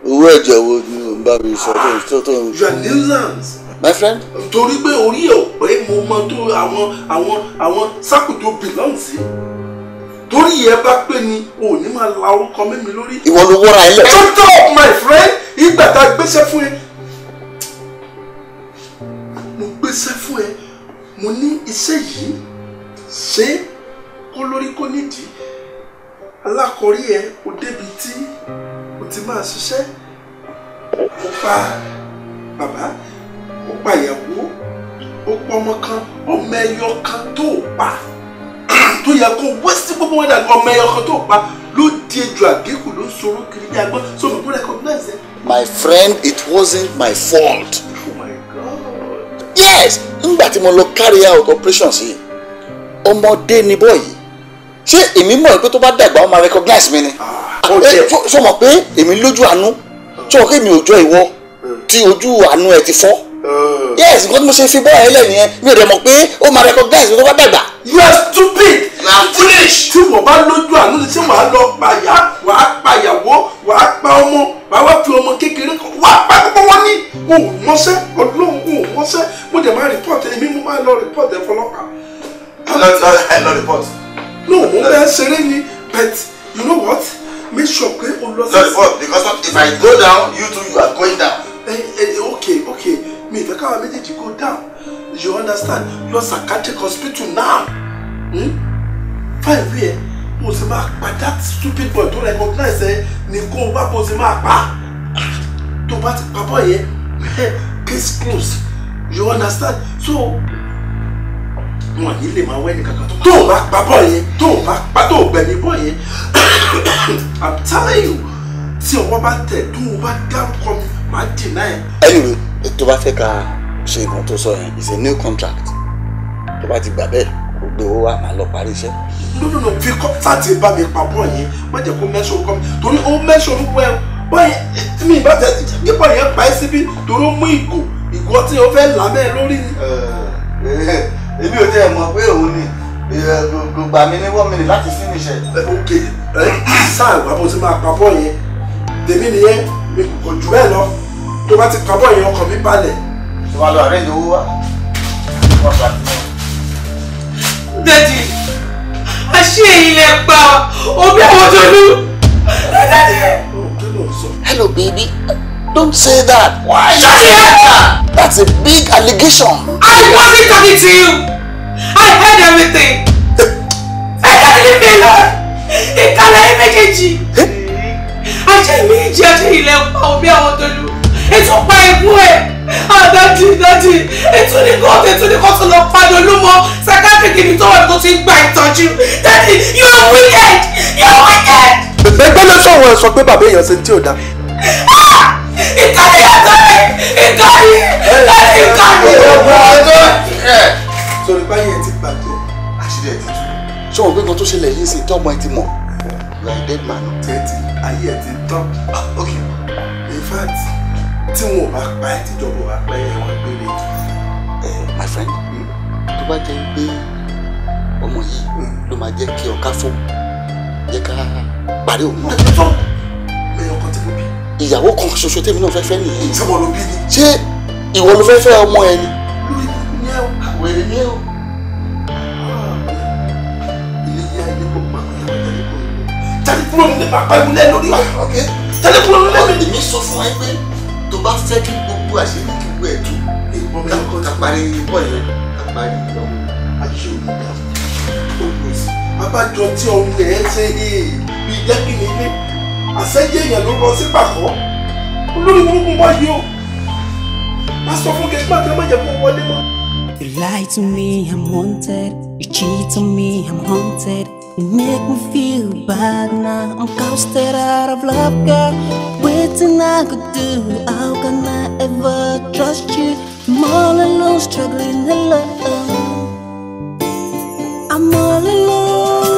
owó ẹ̀jẹ̀ wo ni bá sọ tó ń tó ń. you are nuisance. my friend. torí pé orí ẹ̀ mo mọ tó àwọn àwọn àwọn sákòtò belong sí torí yẹn bá pé ni o ní máa la orúkọ mímí lórí. ìwọ ló wọ́ra ẹ lẹ. shut up my friend ìgbà tá a gbéṣẹ́ fún ẹ mo gbéṣẹ́ fún ẹ mo ní iṣẹ́ yìí ṣe kó lórí kó nídìí alákọ̀ọ́rí ẹ o débi tí o ti máa ṣiṣẹ́ ó pa bàbá ó pa ìyàwó ó pa ọmọ kan ọmọ ẹyọ kan tó pa tó yẹ kó wẹ́sì gbogbo wọn dàgbà ọmọ ẹyọ kan tó pa ló di ejò àgékù ló ń kiri ní agbọ́n so mi kò recognize ẹ. my friend it wasn't my fault. oh my god. yes ngbà tí mo lọ carry out operation sí ọmọdé ni bọ́ọ̀yì ṣé èmi mọ̀ pé tó bá dàgbà ó máa recognize mi ni. Ah, ṣé o mọ̀ pé èmi lójú àánú tí wọn kí mi ò jọ ìwọ hmm. tí ojú àánú ẹ ti fọ́ hmm. yes nǹkan tí mo ṣe fi bọ́ ẹ lẹ́yìn yẹn mi ò dẹ̀ mọ̀ pé ó máa recognize mi tó bá dàgbà. you are stupid na foolish. tí mo bá lójú àánú ni ṣé wàá lọ pàyà wàá pàyàwó wàá pa ọmọ wàá wá fi ọmọ kékeré kan wàá pa gbogbo wọn ní. n ò mọṣẹ́ ọlọ́run n ò mọṣẹ́ mo dẹ̀ máa report èmi mo máa lọ report ẹ̀ fọlọ́pàá. I lọ report. no mo bẹ́ẹ̀ ṣeré ni but you know what make sure pé o lọ sí. sorry but because if I go down you too you are going down. ẹ ẹ okay okay mi ìfẹ́ káwa méjèèjì go down you understand lọ psychiatric hospital now hmm? five year. mo sì máa pa that stupid boy tó recognize ẹ ní kó o bá kó o sì máa pa tó bá ti pa bọ́ yẹn case closed you understand so wọn ní lè máa wẹ́ ní kankan tó bá pa bọ́ yẹn tó bá pa tó gbẹ̀mí bọ́ yẹn i'm telling you tí ọwọ́ bá tẹ̀ tó o bá dárúkọ mi máa dènà ẹ̀. anyway tó bá fẹ́ ka ṣe nǹkan tó sọ yẹn it's a new contract tó bá ti gbà bẹ́ẹ̀ gbogbo owó wa máa lọ parí iṣẹ́. no. ló fi kọ́ńtàtì bá mi pa bọ́ yẹn má jẹ́ kó mẹ́sàn-án kọ́ mi torí ó mẹ́sàn-án wẹ́ bọ́yẹn eh, mi ìbá tẹ̀ nípa yẹn pa ẹ́ síbí torí ó mú ìgò ìgò ọtí yẹn ó fẹ́ làmẹ́ lórí ni. Eh, eh, èmi ò tẹ́ mọ̀ pé òun ni gbogbo àmì ní one minute láti finish ẹ̀. ok sáà wà bó ti máa pa bọ́ọ̀ yẹn tèmi nìyẹn mi kò jù bẹ́ẹ̀ lọ tó bá ti pa bọ́ọ̀ yẹn ọkàn mi balẹ̀. ṣé wàá lọ àárẹ̀ ìdòwú wa wọ́n gbà tí wọ́n. dèjì àṣé èyí lè pa òbí àwọn tó lù. hello baby. Don't say that. Why? Shut your head up! That's a big allegation. I wasn't talking to you. I heard everything. I Ẹ̀ka ni mi lọ. Ìkàlẹ̀ ẹ̀ méjèèjì. Ajé mi ìjì ajé ilẹ̀ pa omi àwọn tolú. Ètò pa ikú ẹ̀. Àdájì dájì. Ètò ní kóòtù ètò ní kóòtù lọ padà olúmọ. So ni tó wà tó ti gba ìtọ́jú. Daddy, you are wicked. You are wicked. Ẹgbẹ́ ló sọ̀rọ̀ ẹ̀ sọ pé bàbá èèyàn ṣe tí ò dáa ìtọ́ni àtọ́ni ìtọ́ni lẹ́nu ìtọ́ni. ọ̀pọ̀ ọjọ́ ẹ̀ sọ̀rọ̀ báyìí ẹ ti bàjẹ́ àṣírí ẹ̀ ti tú. ṣé wọn gbé nǹkan tó ṣẹlẹ̀ yìí sí tọ́mọ ẹ ti mọ̀ like dead man. tẹ́tí ayé ẹ ti tán ok in fact tí wọn ò bá pa ẹ tìjọba wa pẹ́ ẹ̀wọ̀n my friend tó bá jẹ́ pé ọmọ yìí ló máa jẹ́ kí ọ̀ká fún jẹ́ ká parí òun náà ìyàwó kan ṣoṣo tèmi náà fẹ́fẹ́ nìyí. ṣé wọn ló bí ni. ṣé ìwọ ló fẹ́fẹ́ ọmọ ẹ ni. wèrè ni ẹ o. ilé yá ilé kò pa ìyàwó tẹ̀lé kò lọ. jáde kúrò nílé bàbá ìmúlẹ̀ lórí wa. tẹ̀lé kúrò nílé mi. Ah, èmi sọ fún ẹ pé tó bá fẹ́ kí gbogbo àṣírí kí gbogbo ẹ̀ tú. ìbọn mi kápárí ìbọn yẹn kápárí ìbọn mi. ayé òní dà fún mi. abájọ tí ọmọ ẹ ṣe é bí jẹ́ kí ni ilé àṣẹ́jẹ́ èèyàn ló rọ sí pàkọ́ olórí burúkú wáyé o má sọ fún kẹgbẹ́ àti ọmọdé kó wọlé mọ́. You lie to me, I'm wanted. You cheat on me, I'm haunted. You make me feel bad now. I'm ghosted out of love, girl. Waiting, I could do. How can I ever trust you? I'm all alone, struggling alone. I'm all alone,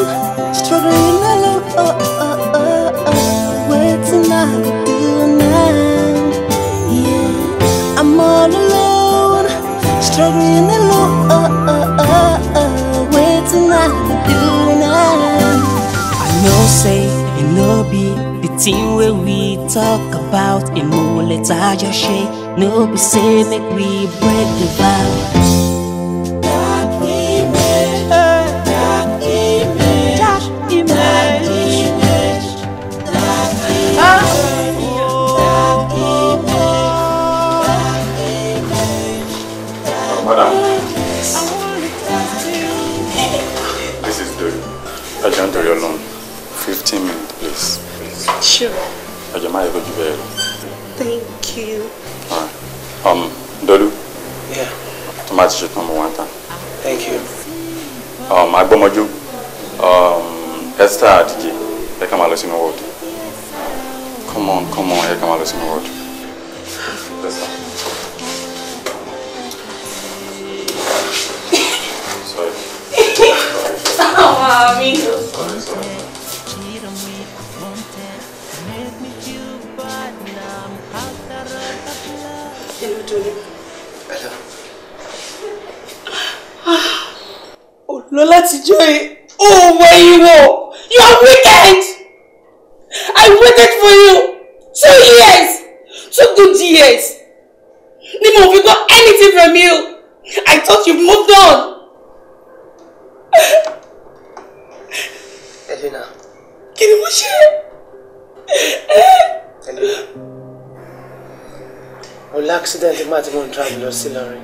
struggling alone. Oh, oh, oh. all alone struggling alone. oh, oh. I do now I know say and no be The thing where we talk about It more let's I just shake No be say make we break the vow má ti ṣetán mo thank you. Um, agbọ́mọjú um, Esther Adige ẹ kàn máa lọ sínú wọ́ọ̀dù come on come on ẹ kàn máa lọ sínú wọ́ọ̀dù. Sorry. Sorry. Sorry. Sorry. lọ láti jọ ẹ ó wẹ ìwọ you are wicked I waited for you two years two good years ni mo fi got anything from you I thought you moved on. Elena. Kí ni mo ṣe? Elena. Mo lá accident máa ti mo ń travel lọ sí Ìlọrin.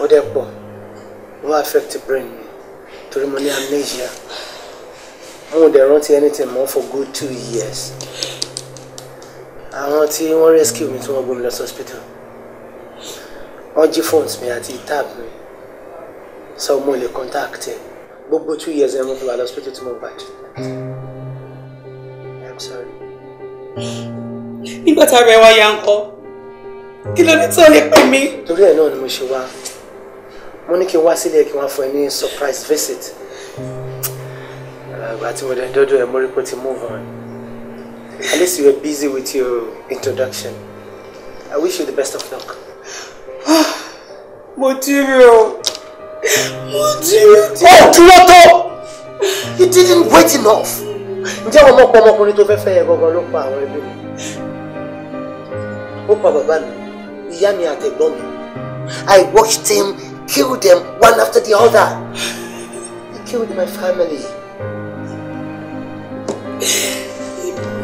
Ó dẹ̀ pọ̀ ló affect the brain mi torí mo amnesia wọn ò dẹ̀ anything more for good two years I àwọn tí wọ́n rescue me tí wọ́n gbé mi lọ hospital wọ́n jí phones mi àti tab mi So mo lè contacting. But gbogbo two years I'm mo fi wà hospital to mo gbàjẹ́. I'm sorry. You tá a rẹ̀ wá ya ń kọ́ kí ló me. tó lè pè mí. torí ẹ̀ náà mo ní kí n wá sílé kí n fún ẹ ní surprise visit àgbà ah, tí mo dẹ̀ dọ́dọ̀ ẹ mo rí pé ti move on at least you were busy with your introduction I wish you the best of luck. mo ti rí o mo ti rí o. ó tó you didn't wait enough ǹjẹ́ àwọn ọmọ ọmọkùnrin tó fẹ́ fẹ́ yẹ gangan ló pa àwọn ẹbí mi ó pa bàbá mi ìyá mi àtẹ̀gbọ́n mi I watched him killed them one after the other. He killed my family.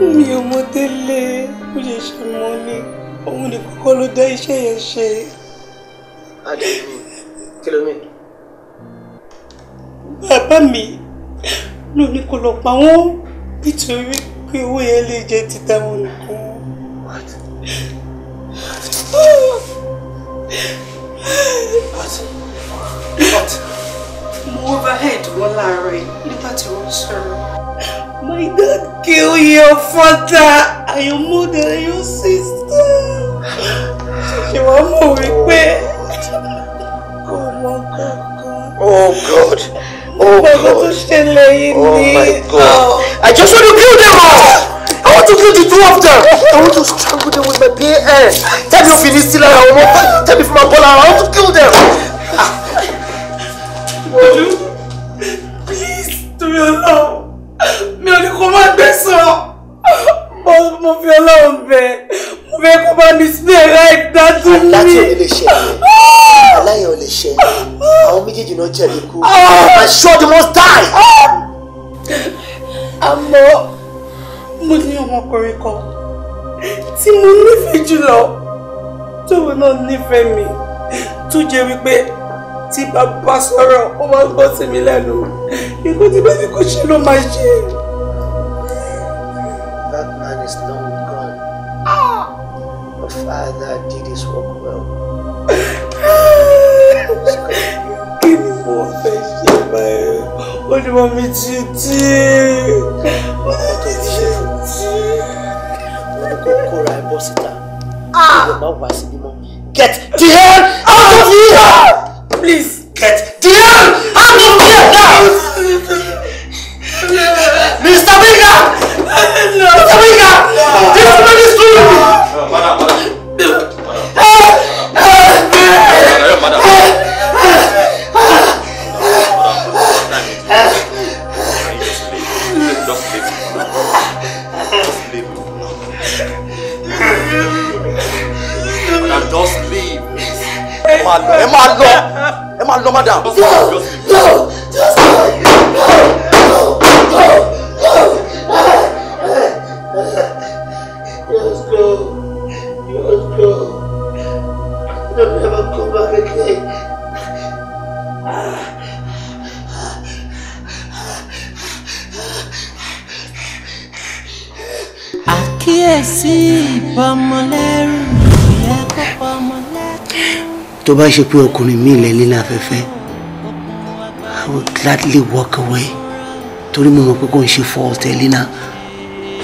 Mi ò mọ délé, ó ṣe ṣe mọ́ ni, òun ni kọ́kọ́ ló dá iṣẹ́ yẹn ṣe. mi ló ní kó lọ pa wọ́n nítorí pé owó yẹn lè jẹ́ ti táwọn nìkan. What? What? Ah! But, but, mo overhead wọn láàárọ̀ yìí nígbà tí wọ́n sọ̀rọ̀. My dad kill your father and your mother and your sister. Ṣèwọ́ mọ̀ wípé ọmọ kankan. Oh God. Oh God. Oh my God. I just want to kill them all want to kill the two of them. I want to strangle them with my bare hands. Tell me if it is still around. tell me if my ball I want to kill them. Olú, please, torí ọlọ́run, mi ò only kó má gbé sọ. Mo mo fi ọlọ́run bẹ̀, mo fẹ́ kó bá mi sílẹ̀ láì dájú mi. Láti òní lè ṣe ẹ̀yẹ, aláyọ̀ lè ṣe ẹ̀yẹ, àwọn méjèèjì náà jẹ̀bi I'm ah! sure they must die. I'm ah! Àmọ́ mo ní ọmọkùnrin kan tí mo nífẹ̀ẹ́ jùlọ tóun náà nífẹ̀ẹ́ mi tó jẹ́ wípé tí bàbá sọ̀rọ̀ ó máa gbọ́ sí mi lẹ́nu ikú tí bá ní kò ṣe ló máa ṣe. That man is long gone. Ah. Your father did his work well. kí ni mo fẹ́ ṣe báyìí? ó ní mo mi ti ti kó kóra ẹ bọ́ síta ìwọ ah! máa get the hell out of here please get the hell. ṣe pé ọkùnrin mi ilẹ̀ lílẹ̀ afẹ́fẹ́ I would gladly walk away torí mo mọ̀ pé kò ń ṣe fault ẹ̀ lina.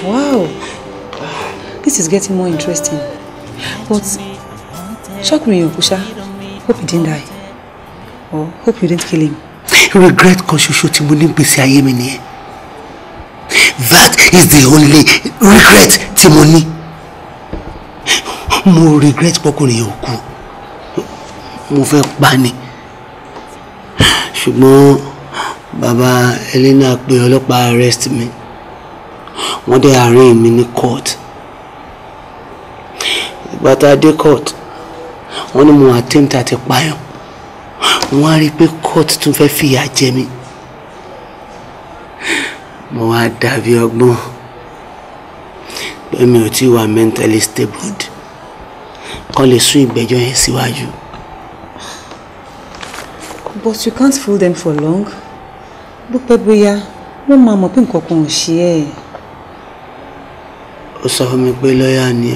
wow this is getting more interesting but ṣọkùnrin yẹn ò kú ṣá hope he didn't die or hope you didn't kill him. regret kan ṣoṣo tí mo ní gbèsè ayé mi nìyẹn that is the only regret tí mo ní mo regret pọkùnrin yẹn ò mo fẹ́ pa ni ṣùgbọ́n bàbá Elena pe ọlọ́pàá arrest mi wọ́n dé arraign mi ní court ìgbà tá a dé court wọ́n ní mo attempt àti payàn wọ́n á rí i pé court tún fẹ́ fìyà jẹ mi mo wá dàbí ọgbọ́n pé mi ò tí wà mentally stable kọ́ lè sún ìgbẹ́jọ́ yẹn síwájú. Si but you can't fool them for long bó pẹ́ bóyá mama máa mọ̀ pé nǹkan kan ò ṣe ẹ́. ó sọ fún mi ni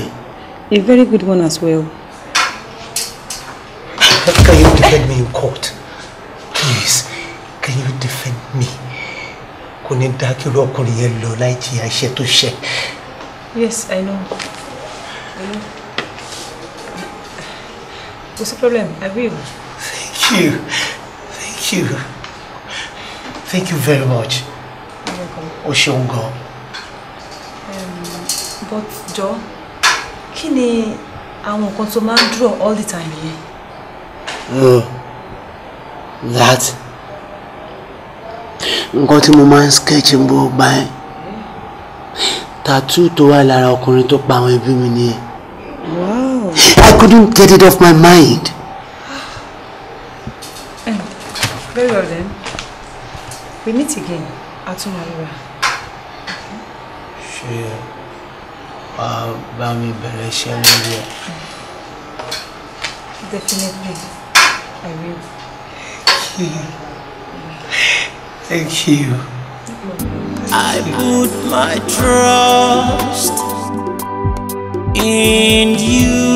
a very good one as well. can you defend me in court please can you defend me kò ní dá kí irú ọkùnrin yẹn lọ láì jìyà iṣẹ́ tó ṣe. yes i know. I know. What's the problem? I will. Thank you. Chigo, thank you very much. You're welcome. O ṣeun um, But jọ, kini ni àwọn nǹkan tó draw all the time yẹn? Uh, that nǹkan tí mo máa ń sketch ń bó gbá ẹ́ tattoo tó wà lára ọkùnrin tó pa àwọn ẹbí mi nìyẹn. Wow. I couldn't get it off my mind. Very well then. We meet again at Umarura. Ṣé wà uh, á bá mi bẹ̀rẹ̀ you. Definitely, I will. Thank you. I put my trust in you.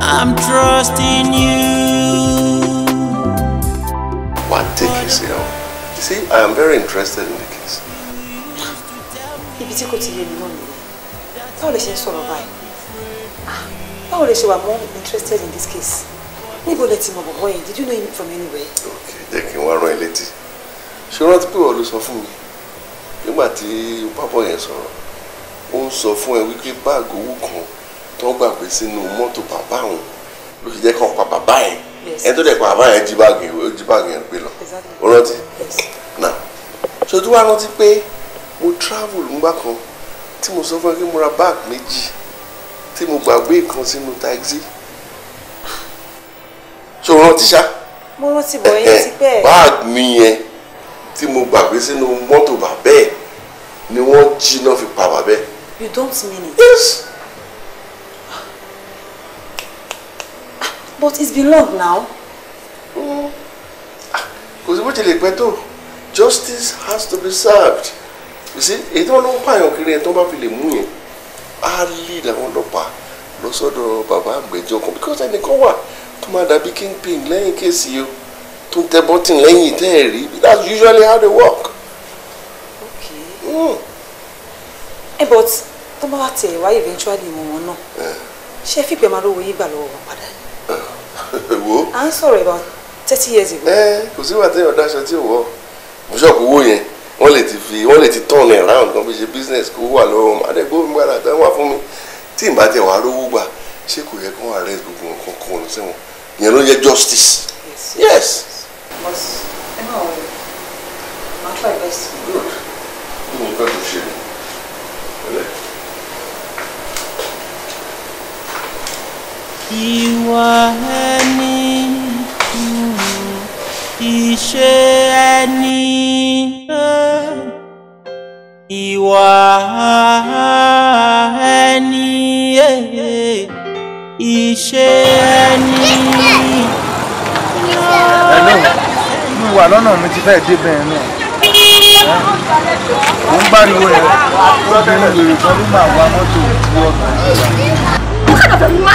I'm trusting you. take his help. You see, I am very interested in the case. If tí kò ti yé mi náà nìyẹn. Báwo lè ṣe ń sọ̀rọ̀ báyìí? Ah, báwo more interested in this case? Níbo lẹ ti mọ̀ bọ̀bọ̀ yẹn? Did you know him from anywhere? Okay, jẹ́ kí n wá rán ẹ létí. Ṣé rántí pé You ló sọ Papa mi? Nígbà tí pápọ̀ yẹn sọ̀rọ̀, ó ń sọ fún ẹ wípé báàgì owó kan tó gbàgbé sínú mọ́tò bàbá òun ló ṣe jẹ́ ẹ tó dẹ̀ pa àbá yẹn jí báàgì yẹn jí báàgì yẹn gbé lọ ó rántí náà so tó wá rántí pé mo travel ńgbà kan tí mo sọ fún ẹ kí mo ra báàgì méjì tí mo gbàgbé nǹkan sínú táxi so rántí ṣá mo rántí bọ̀ yẹn ti bẹ́ẹ̀ eh, eh, báàgì mi yẹn tí mo gbàgbé sínú mọ́tò bàbẹ́ ẹ̀ ni wọ́n jí náà fi pa bàbẹ́. you don't mean it. yes. but it's been long now. Hmm. Ah, kò sí bó ti lè pẹ́ justice has to be served you see it tí wọ́n ló ń pààyàn kiri ẹ̀ tó bá fi lè No so, á Baba, làwọn ọlọ́pàá lọ sọ́dọ̀ bàbá àgbẹ̀jọ́ kan because ẹnìkan wà tó máa dàbí kingpin lẹ́yìn case you, tó ń tẹ bọ́tìn lẹ́yìn tẹ́ ẹ̀ that's usually how they work. okay. Mm. Hey, eh, but tó bá wà eventually mọ̀ wọn náà eh. ṣé fígbẹ́ máa lówó yín gbà lọ́wọ́ wo. à ń sọ̀rọ̀ about thirty years ago. ẹ eh, kò sí wàá tẹ́yọ̀ dáṣọ tí ò wọ̀ bùṣọ̀pù owó yẹn wọ́n lè ti fi wọ́n lè ti turn around kan fi ṣe business kó wà lọ́wọ́ wọn àdẹ́gbò mi gbàdá tán wà fún mi tí ì bá tẹ̀ wá rówó gbà ṣé kò yẹ kó wà rẹ gbogbo nǹkan kan ọ̀nà sẹ́wọ̀n yẹn ló yẹ justice. yes. but ẹ náà wọ ẹ máa try best. good. kí ni nǹkan tó ṣe ni. ìwà ẹni ìṣe ẹni ìwà ẹni ìṣe ẹni. ẹ̀lọ́ mi lọ́nà mi ti fẹ́ẹ́ débẹ̀ ẹ̀ náà mo ń bá lu ẹ̀ lọ́bẹ̀rẹ̀ lórí kan ló máa wa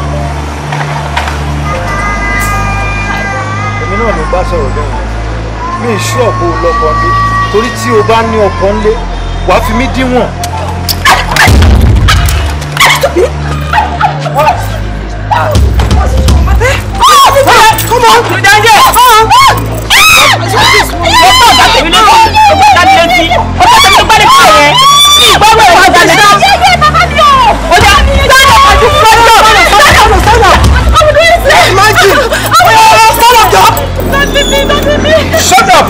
náà ló bá sọ̀rọ̀ lẹ́yìn mi ìṣúọ̀bù lọ́kọ ńlé torí tí o bá ní ọkọ ńlé wàá fi mí díwọ̀n. Imagine! jọ. Dọ́dí mi, dọ́dí mi. Shut up.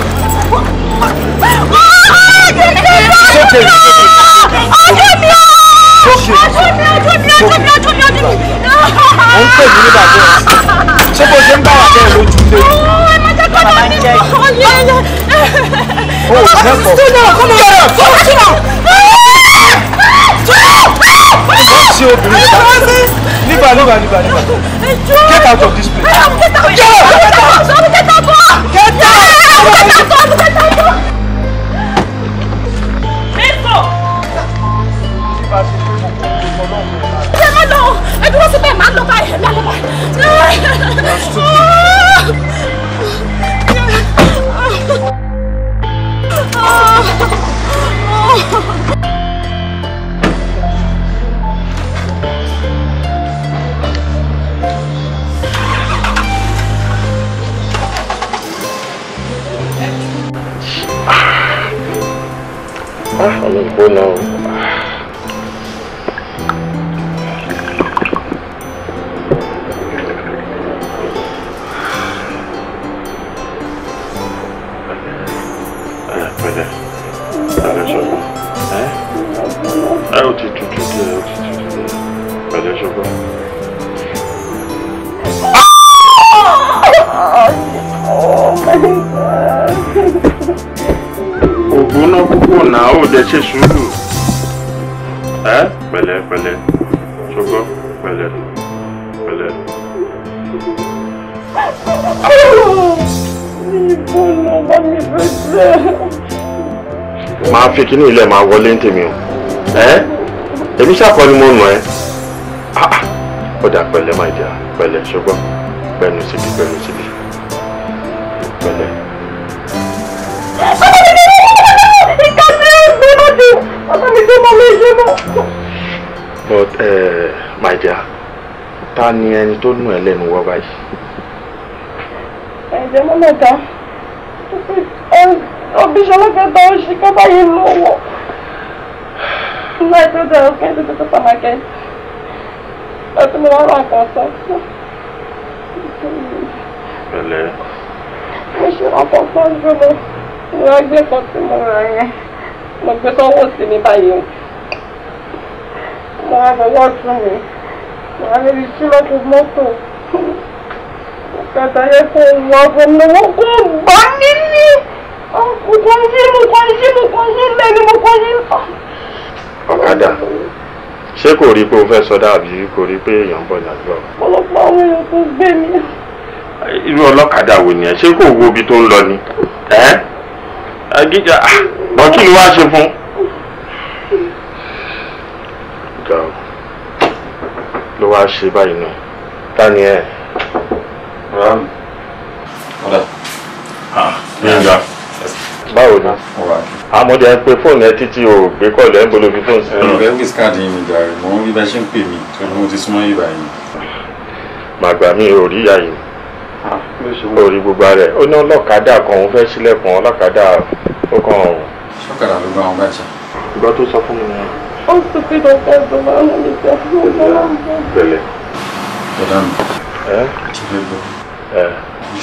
Akemi o. Akemi o. Akemi o. Akemi o. Akemi o. Ó ń ṣe obìnrin nígbà nígbà nígbà nígbà get out of this place. get out get out get out get out get out. ẹ dúró síbẹ̀ máa ń lọ báyìí máa ń lọ báyìí. Oh! ah ọlọ́run good now. ẹ ṣe sùúrù ẹ pẹ̀lẹ́ pẹ̀lẹ́ ṣọgbọ pẹ̀lẹ́ pẹ̀lẹ́. máa fi kíní ilẹ̀ máa wọlé ní tèmi o ẹ èmi ṣàkọ ni mo nù ẹ ah, ah. ó dà pẹ̀lẹ́ máa jà pẹ̀lẹ́ ṣọgbọ pẹ̀lú síbi pẹ̀lú síbi pẹ̀lẹ́. mi má ti ọ̀tá mi tó mọ́ mi yé mọ́. but uh, my dear ta ni ẹni tó nù ẹ lẹ́nu wọ́ báyìí. ẹ̀jẹ̀ mọ́ mẹ́ta ọ̀bíṣọ́lá kẹta oṣù kẹta yìí lọ́wọ́. my brother ọ̀kẹ́ ti tó tó market ọtí mo wá wà kan sọ. pẹ̀lẹ́. mo ṣe ọkọ̀ fún ọdún mi ìwà ẹgbẹ́ kan tí mo rà yẹn mo gbé sọ́wọ́ sí mi báyìí o mo wá fọwọ́ sùn mí mo wá lórí sílọ́kù mọ́tò kàtàyẹ fún wọn fún mi wọ́n kó bá mi ní ọkùnkùn sí mo kọ́ sí mo kọ́ sí lẹ́nu mo kọ́ sí. ọ̀kadà ṣé kò rí pé o fẹ́ sọdá àbí kò rí pé èèyàn ń bọ̀ ní àjọ. àwọn èèyàn tó gbé mi. irú ọlọ́kadà wo ni ẹ ṣé kò wo ibi tó ń lọ ni agíjà bọ́tún ni wàá ṣe fún. ga o ló wáá ṣe báyìí náà ta ni ẹ. báwo ni àmọ́dé ẹ pé fóònù ẹ títí o gbé kọ́ọ̀lù ẹ ń bolo fi fóònù sí. ẹ̀rọ elvis káàdì yìí ni gàrí mo ń rí bá ṣe ń pè mí tó ní mo ti súnmọ́ yìí màgbà mi ò rí ìyá yìí orí gbogbo rẹ̀ ó ní ọlọ́kadà kan òun fẹ́ sílẹ̀kùn ọlọ́kadà ó kàn ọ̀hún. ṣọ́kadà ló bá wọn bá jà. ìgbà tó sọ fún mi ni. ó sọ pé dọ́kítà tó máa ń lè jà fún mi lọ́wọ́. bẹ̀lẹ̀. bọ̀dá mi. ẹ ti fẹ́ gbọ́. ẹ.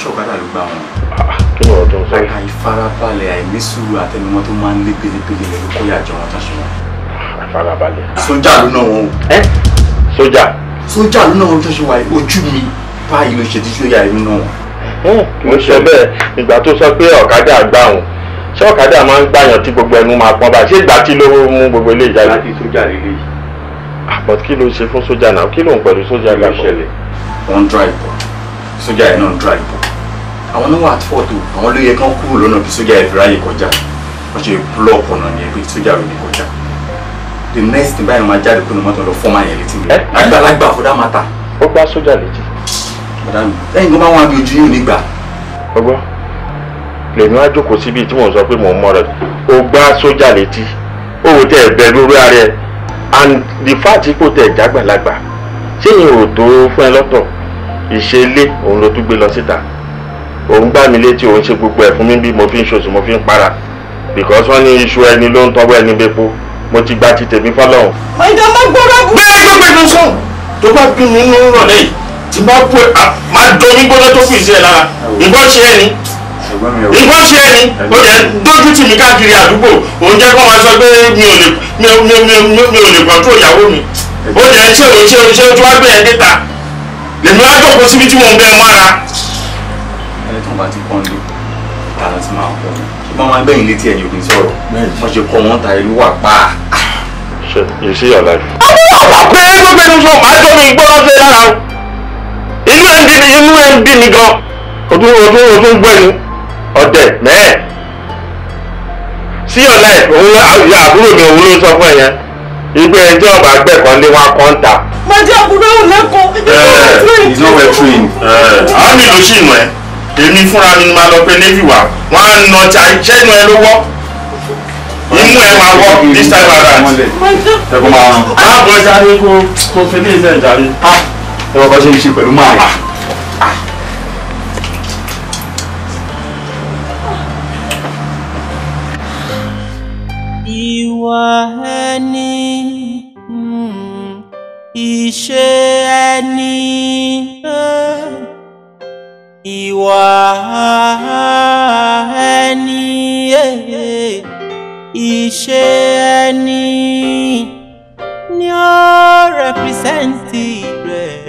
ṣọ́kadà ló bá wọn. Ah, kí ni ọ̀rọ̀ tó ń sọ yìí. àìfarabalẹ̀ àìnísùúrù àtẹnumọ́ tó máa ń lé pélépélé lẹ́nu kóyà jọ wọn táṣọ wọn. náà wọn o. ẹ ṣe wáyé ojú mi báyìí ló ṣe tí tí ó yà inú náà. kò ń ṣe bẹ́ẹ̀ ìgbà tó sọ pé ọ̀kadà gbà wọ́n ṣé ọ̀kadà máa ń gbàyàn tí gbogbo ẹnu máa pọ́n báyìí ṣé ìgbà tí ló mú gbogbo ilé ìjà láti sójà líle yìí. àpọ̀ kí ló ṣe fún sójà náà kí ló ń pẹ̀lú sójà gbà bọ̀. wọ́n ń dra ìbọ̀ sójà yẹn náà ń dra ìbọ̀ àwọn náà wà fọ́ọ̀tò àwọn ló yẹ kán kúrò lọ́nà bí sójà yẹn fi kọjá wọ́n ṣe búlọ̀kù ọ̀nà yẹn bí sójà the next thing báyìí máa jáde kó ni mọ́tò lọ fọ́ máa yẹn létí mi. àgbàlagbà fúdà máa ta. ó gbá sójà létí ọ̀dà mi lẹ́yìn tó bá wọn abiojú yóò nígbà. ọgbọ́n lèmi wá jókòó síbi tí mò ń sọ pé mò ń mọ rẹ o gbá sójà létí o ò tẹ̀ bẹ lórí ara and the fact kò tẹ̀ jágbàlagbà ṣé ìyẹn ò tó fún ẹ lọ́tọ̀ ìṣẹ̀lẹ̀ òun ló tún gbé lọ síta òun gbá mi létí òun ṣe gbogbo ẹ̀ fún mi bí mo fi ń ṣoṣù mo fi ń para because wọ́n ní iṣu ẹni ló ń tọ́wọ́ ẹni bẹ́pọ̀ mo ti gba ti tèmi fọlọ́hún. ìjọba gbọ́dọ̀ bù. bẹ́ẹ̀ ló gbẹdùn sùn tó bá bí mi nínú ìrọ̀lẹ́ yìí tí bá pè á máa dán ní gbọ́dọ̀ tó fún ìṣe lára ìbọn ṣe ẹni ìbọn ṣe ẹni ó yẹ dójú tì mí káàkiri àdúgbò òun jẹ́ kó máa sọ pé mi ò lè mi ò mi ò mi ò mi ò lè kọ́ńtró ìyàwó mi ó yẹ ṣé o ṣé o ṣé o tí wàá gbé ẹ déta lèmi wá jókòó síbi tí mò bẹ ẹ mọ́ra. ẹni tó ń bá ti pọ́n lé tààlà ti máa pọ̀ ṣùgbọ́n máa gbẹ̀yìn létí ẹ̀yìn òbí sọ̀rọ̀ wọ́n ṣe kọ́ wọn ta ìlú wà pa. ṣe you see your life. àwọn ọ̀pọ̀ pé gbogbo ẹni sọ màá tó mi gbọ́dọ̀ ṣe lára o. inú ẹ̀ ń bí mi inú ẹ̀ ń bí mi gan ọdún ọdún ọdún gbẹnu ọ̀dẹ̀ mẹ́ẹ̀ sí ọ̀la ẹ̀ òun àbúrò mi òun ló sọ fún ẹ yẹn ìgbẹ́ ẹjọ́ ọba gbẹ̀kan lé wọn kọ́ ń ta. màdí àbúrò lẹ́kọ̀ọ́ ìdí ọ̀wẹ́ train. àwọn mi ló ṣì nù ẹ èmi lọ pé navy wa wọn á nà ọjà ìṣẹ́nu ẹ lówó wọ this time around. ẹ kò máa. ẹ wọ́n bá ṣe ń ṣe pẹ̀lú máa rẹ̀. ìwà ẹni hmm, ìṣe ẹni eh, ìwà ẹni eh, ìṣe ẹni ni ó rẹpírẹsẹ̀ntì rẹ̀.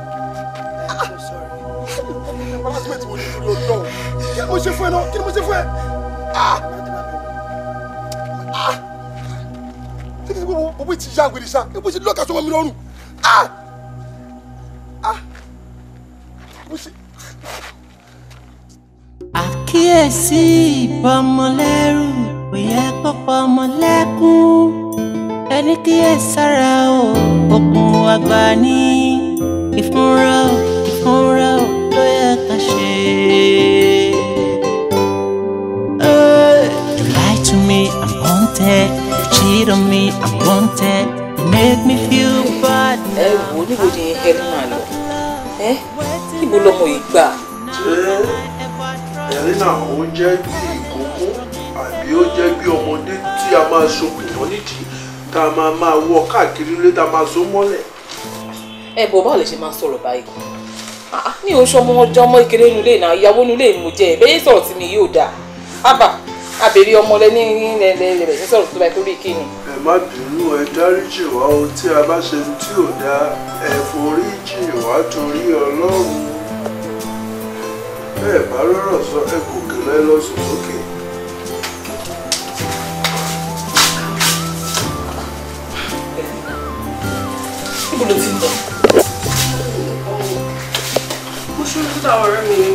mo ṣe fún ẹ náà kí ni mo ṣe fún ẹ. Ah! Ah! ṣé kí ni bọ́bọ́ ti ya wèrè sa ibo ṣe lọ́ọ̀kà sọ́mọ́ mi lọ́rùn. Ah! àkíyèsí ìbọmọlẹ́rù kò yẹ kọ́kọ́ ẹni kíyèsára o okùn àgbà ní ìfúnra ìfúnra ló yẹ ká ṣe é. wanted. Cheat on me, I'm wanted. Make me feel bad. Ẹ wo níbo ni ẹni máa lọ? Ẹ níbo lọmọ yìí gbà? Ṣé Eh, erina, ó jẹ́ bí ìkókó àbí ó jẹ́ bí ọmọdé tí a máa sokùn mọ́ nídìí tá a máa máa wọ káàkiri ilé tá a máa so mọ́lẹ̀? Ẹ bọ̀ báwo lè ṣe máa sọ̀rọ̀ báyìí? ní ah, oṣù ah, ọmọ ọjọ́ ọmọ ìkéré nulẹ̀ náà ìyàwó nulẹ̀ mo jẹ́ ẹ̀ bẹ́ẹ̀ sọ̀rọ̀ tí mi yóò dáa abèrè ọmọ lẹ ní ilẹ̀ rẹ̀ sọ̀rọ̀ tó bá yẹ torí kíni. ẹ má bínú ẹ dáríjì wá o tí a bá ṣe tí ò dáa ẹ foríjì wá torí ọlọ́run bẹ́ẹ̀ bá rọ̀rọ̀ sọ ẹ kò kẹlẹ́ lọ́sùn sókè. ibo ló ti ń bọ̀. mo ṣe ń kúta ọ̀rẹ́ mi ni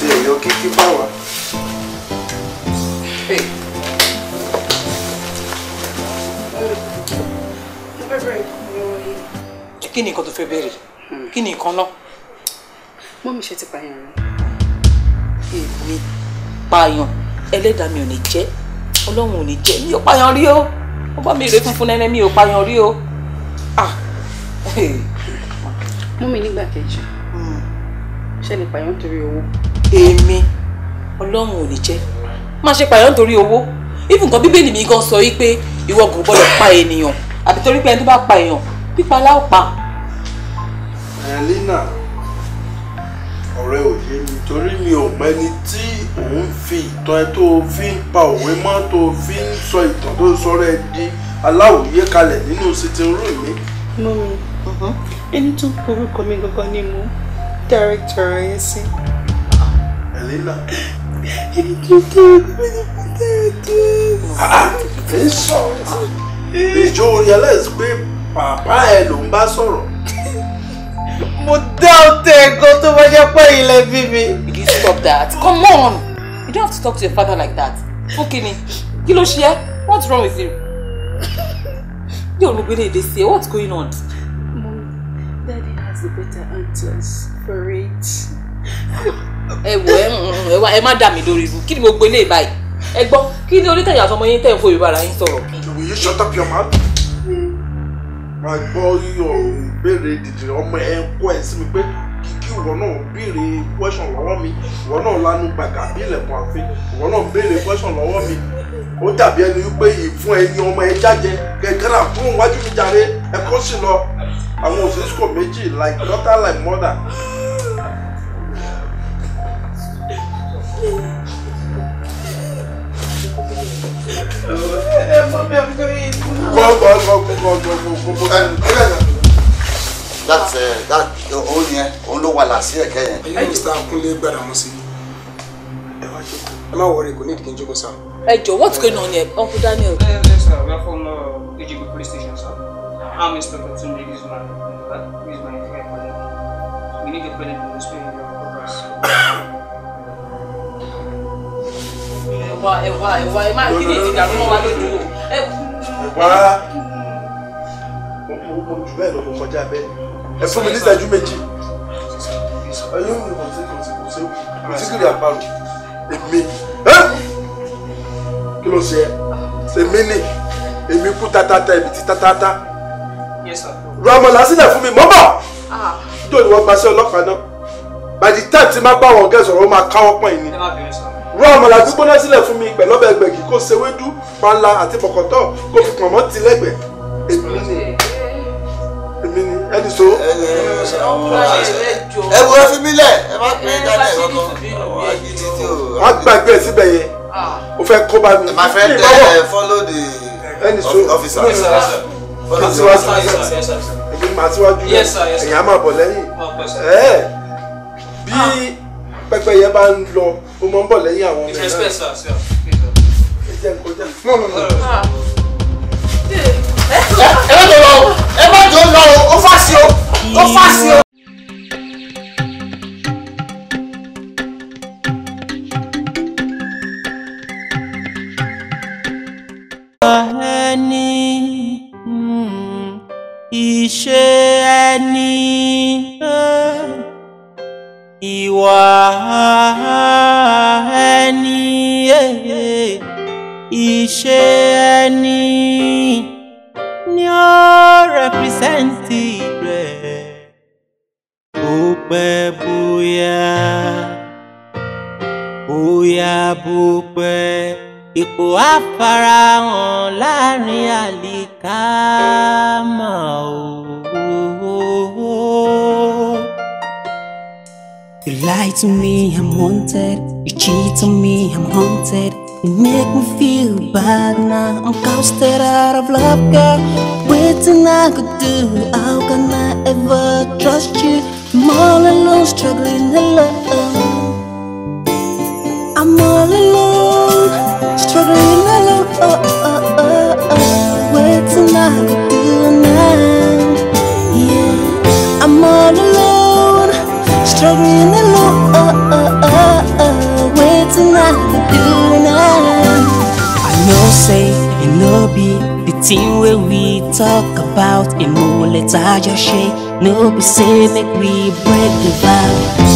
tí ẹ̀yọ kíkí bá wà. kí ni nǹkan tó fẹ́ bẹ̀rẹ̀ hmm. kí ni nǹkan náà. mọ́mí ṣe ti pààyàn rẹ̀. èmi pààyàn ẹlẹ́dàá mi ò ní jẹ́ ọlọ́run ò ní jẹ́ mi ò pààyàn rí o ọba mi rè funfun nẹ́nẹ́ mi ò pààyàn rí o. Ah. mọ́mí nígbà kejì hmm. ṣe lè pààyàn torí owó èmi ọlọ́run ò ní jẹ́ má ṣe pààyàn nítorí owó even kan bíbélì mi gan sọ wípé ìwọ kò gbọdọ̀ pa ènìyàn àbí torí pé ẹni tó bá pa èèyàn pípa láò pa. Elena ọ̀rẹ́ ò yé mi torí mi ò mẹ́ni tí òun fi ìtàn ẹ tó fi ń pa òwe mọ́ tó fi ń sọ ìtàn tó sọ̀rọ̀ ẹ di aláwòye kalẹ̀ nínú sitting room mi. mọ́mi mm-hmm. ẹni tó ń porúkọ mi gangan ni mo dárẹ́kítọ̀ ọ̀rọ̀ yẹn sí. Elena. Ah, Fẹ́sọ̀ eh. ìjọ realize pé bàbá ẹ ló ń bá sọ̀rọ̀. Mo dá ọtẹ ẹ̀gọ́ tó bá jẹ́ pé ilẹ̀ bí mi. You stop that. Come on. You don't have to talk to your father like that. Fún kí ni? ló ṣe ẹ́? What's wrong with you? Yóò ló gbélé èdè sí ẹ. What's going on? Mom, Daddy has a better answers for it ẹ wò ẹ má dà mí lórí irú kí ni mo gbé lé báyìí ẹ gbọ́ kí ni onítẹ̀yìn àtọmọ yín tẹ̀ ń fò ìbára yín sọ̀rọ̀. ìwé yìí shut up your mouth. máa gbọ́ yíyọ ìbéèrè dìdìrì ọmọ ẹ ń kọ́ ẹ sí mi pé kí ìwọ náà béèrè question lọ́wọ́ mi ìwọ náà lanu gbàgà bí ilẹ̀kùn àfin ìwọ náà béèrè question lọ́wọ́ mi ó dàbí ẹni wípé ìfún ẹyin ọmọ ẹ jáde gẹ́gẹ́ náà wájú mi jàre ẹ kó lọ àwọn òṣèṣkò méjì like daughter like mother. that's uh, that òun yẹn eh, òun ló wà lásìí ẹ̀kẹ́ yẹn. ẹ̀yin mr akunle gbàdá mọ sí i ẹ má wọrí kò ní ìdíkẹ́ jókòó what's going on here uncle daniel. Yes, sir we are from uh, police station sir i'm inspector tunde ẹwà ẹwà ẹwà ẹ máa kí ni èdè dàrú mọ́ wa lójú o. wá mm, mo jù bẹ́ẹ̀ lọ mo kọjá bẹ́ẹ̀ ẹ fún mi ní ìṣẹ́jú méjì ẹ̀yọ́ mi kò sí kò sí kò sí kò sí kiri àparò èmi kí ló ṣe ẹ èmi ni èmi kú tatata èmi ti tatata ramọ̀lá sílẹ̀ fún mi mọ́ bọ̀ ah. nítorí wọ́n gbaṣẹ́ ọlọ́pàá náà by the time tí má bá wọn gẹ̀ sọ̀rọ̀ ó máa káwọ́ pọ̀ yìí ni rọ àmàlà gbígbóná sílẹ̀ fún mi pẹ̀lú ọbẹ̀ gbẹ̀gì kó ṣe wédú àti bọ̀kọ̀tọ̀ kó fi pọ̀nmọ́ ti lẹ́gbẹ̀ẹ́ èmi ni èmi ni ẹni so. ẹ wo fi mí lẹ ẹ má pè é dálẹ ọkọ gbàgbé síbẹ̀ yẹn ah. o fẹ́ kó bá mi. ẹ máa fẹ́ dẹ́ follow the officer. follow the officer èmi máa síwájú rẹ ẹ̀yìn máa bọ̀ lẹ́yìn ah. bí pẹ́pẹ́yẹ bá ń lọ ó mọ́ ń bọ̀ lẹ́yìn àwọn ọmọ ẹ̀ náà ẹ jẹ́ kọjá no no no. Ah. Eh, ẹ má jọ lọ o ó fà sí o ó fà sí o. ẹni ìṣe ẹni ni ó rẹpírẹsẹ̀ǹtì rẹ̀ ó pẹ́ bóyá bóyá bó pẹ́ ipò á láàrin àlìkámà o. lie to me, I'm haunted. You cheat on me, I'm haunted. You make me feel bad now. I'm ghosted out of love, girl. can I could do. How can I ever trust you? I'm all alone, struggling alone. I'm all alone, struggling alone. Oh, oh, oh, oh. I could do now. Yeah, I'm all alone struggling say you know be the thing where we talk about e no later just shey no be say make we break the vow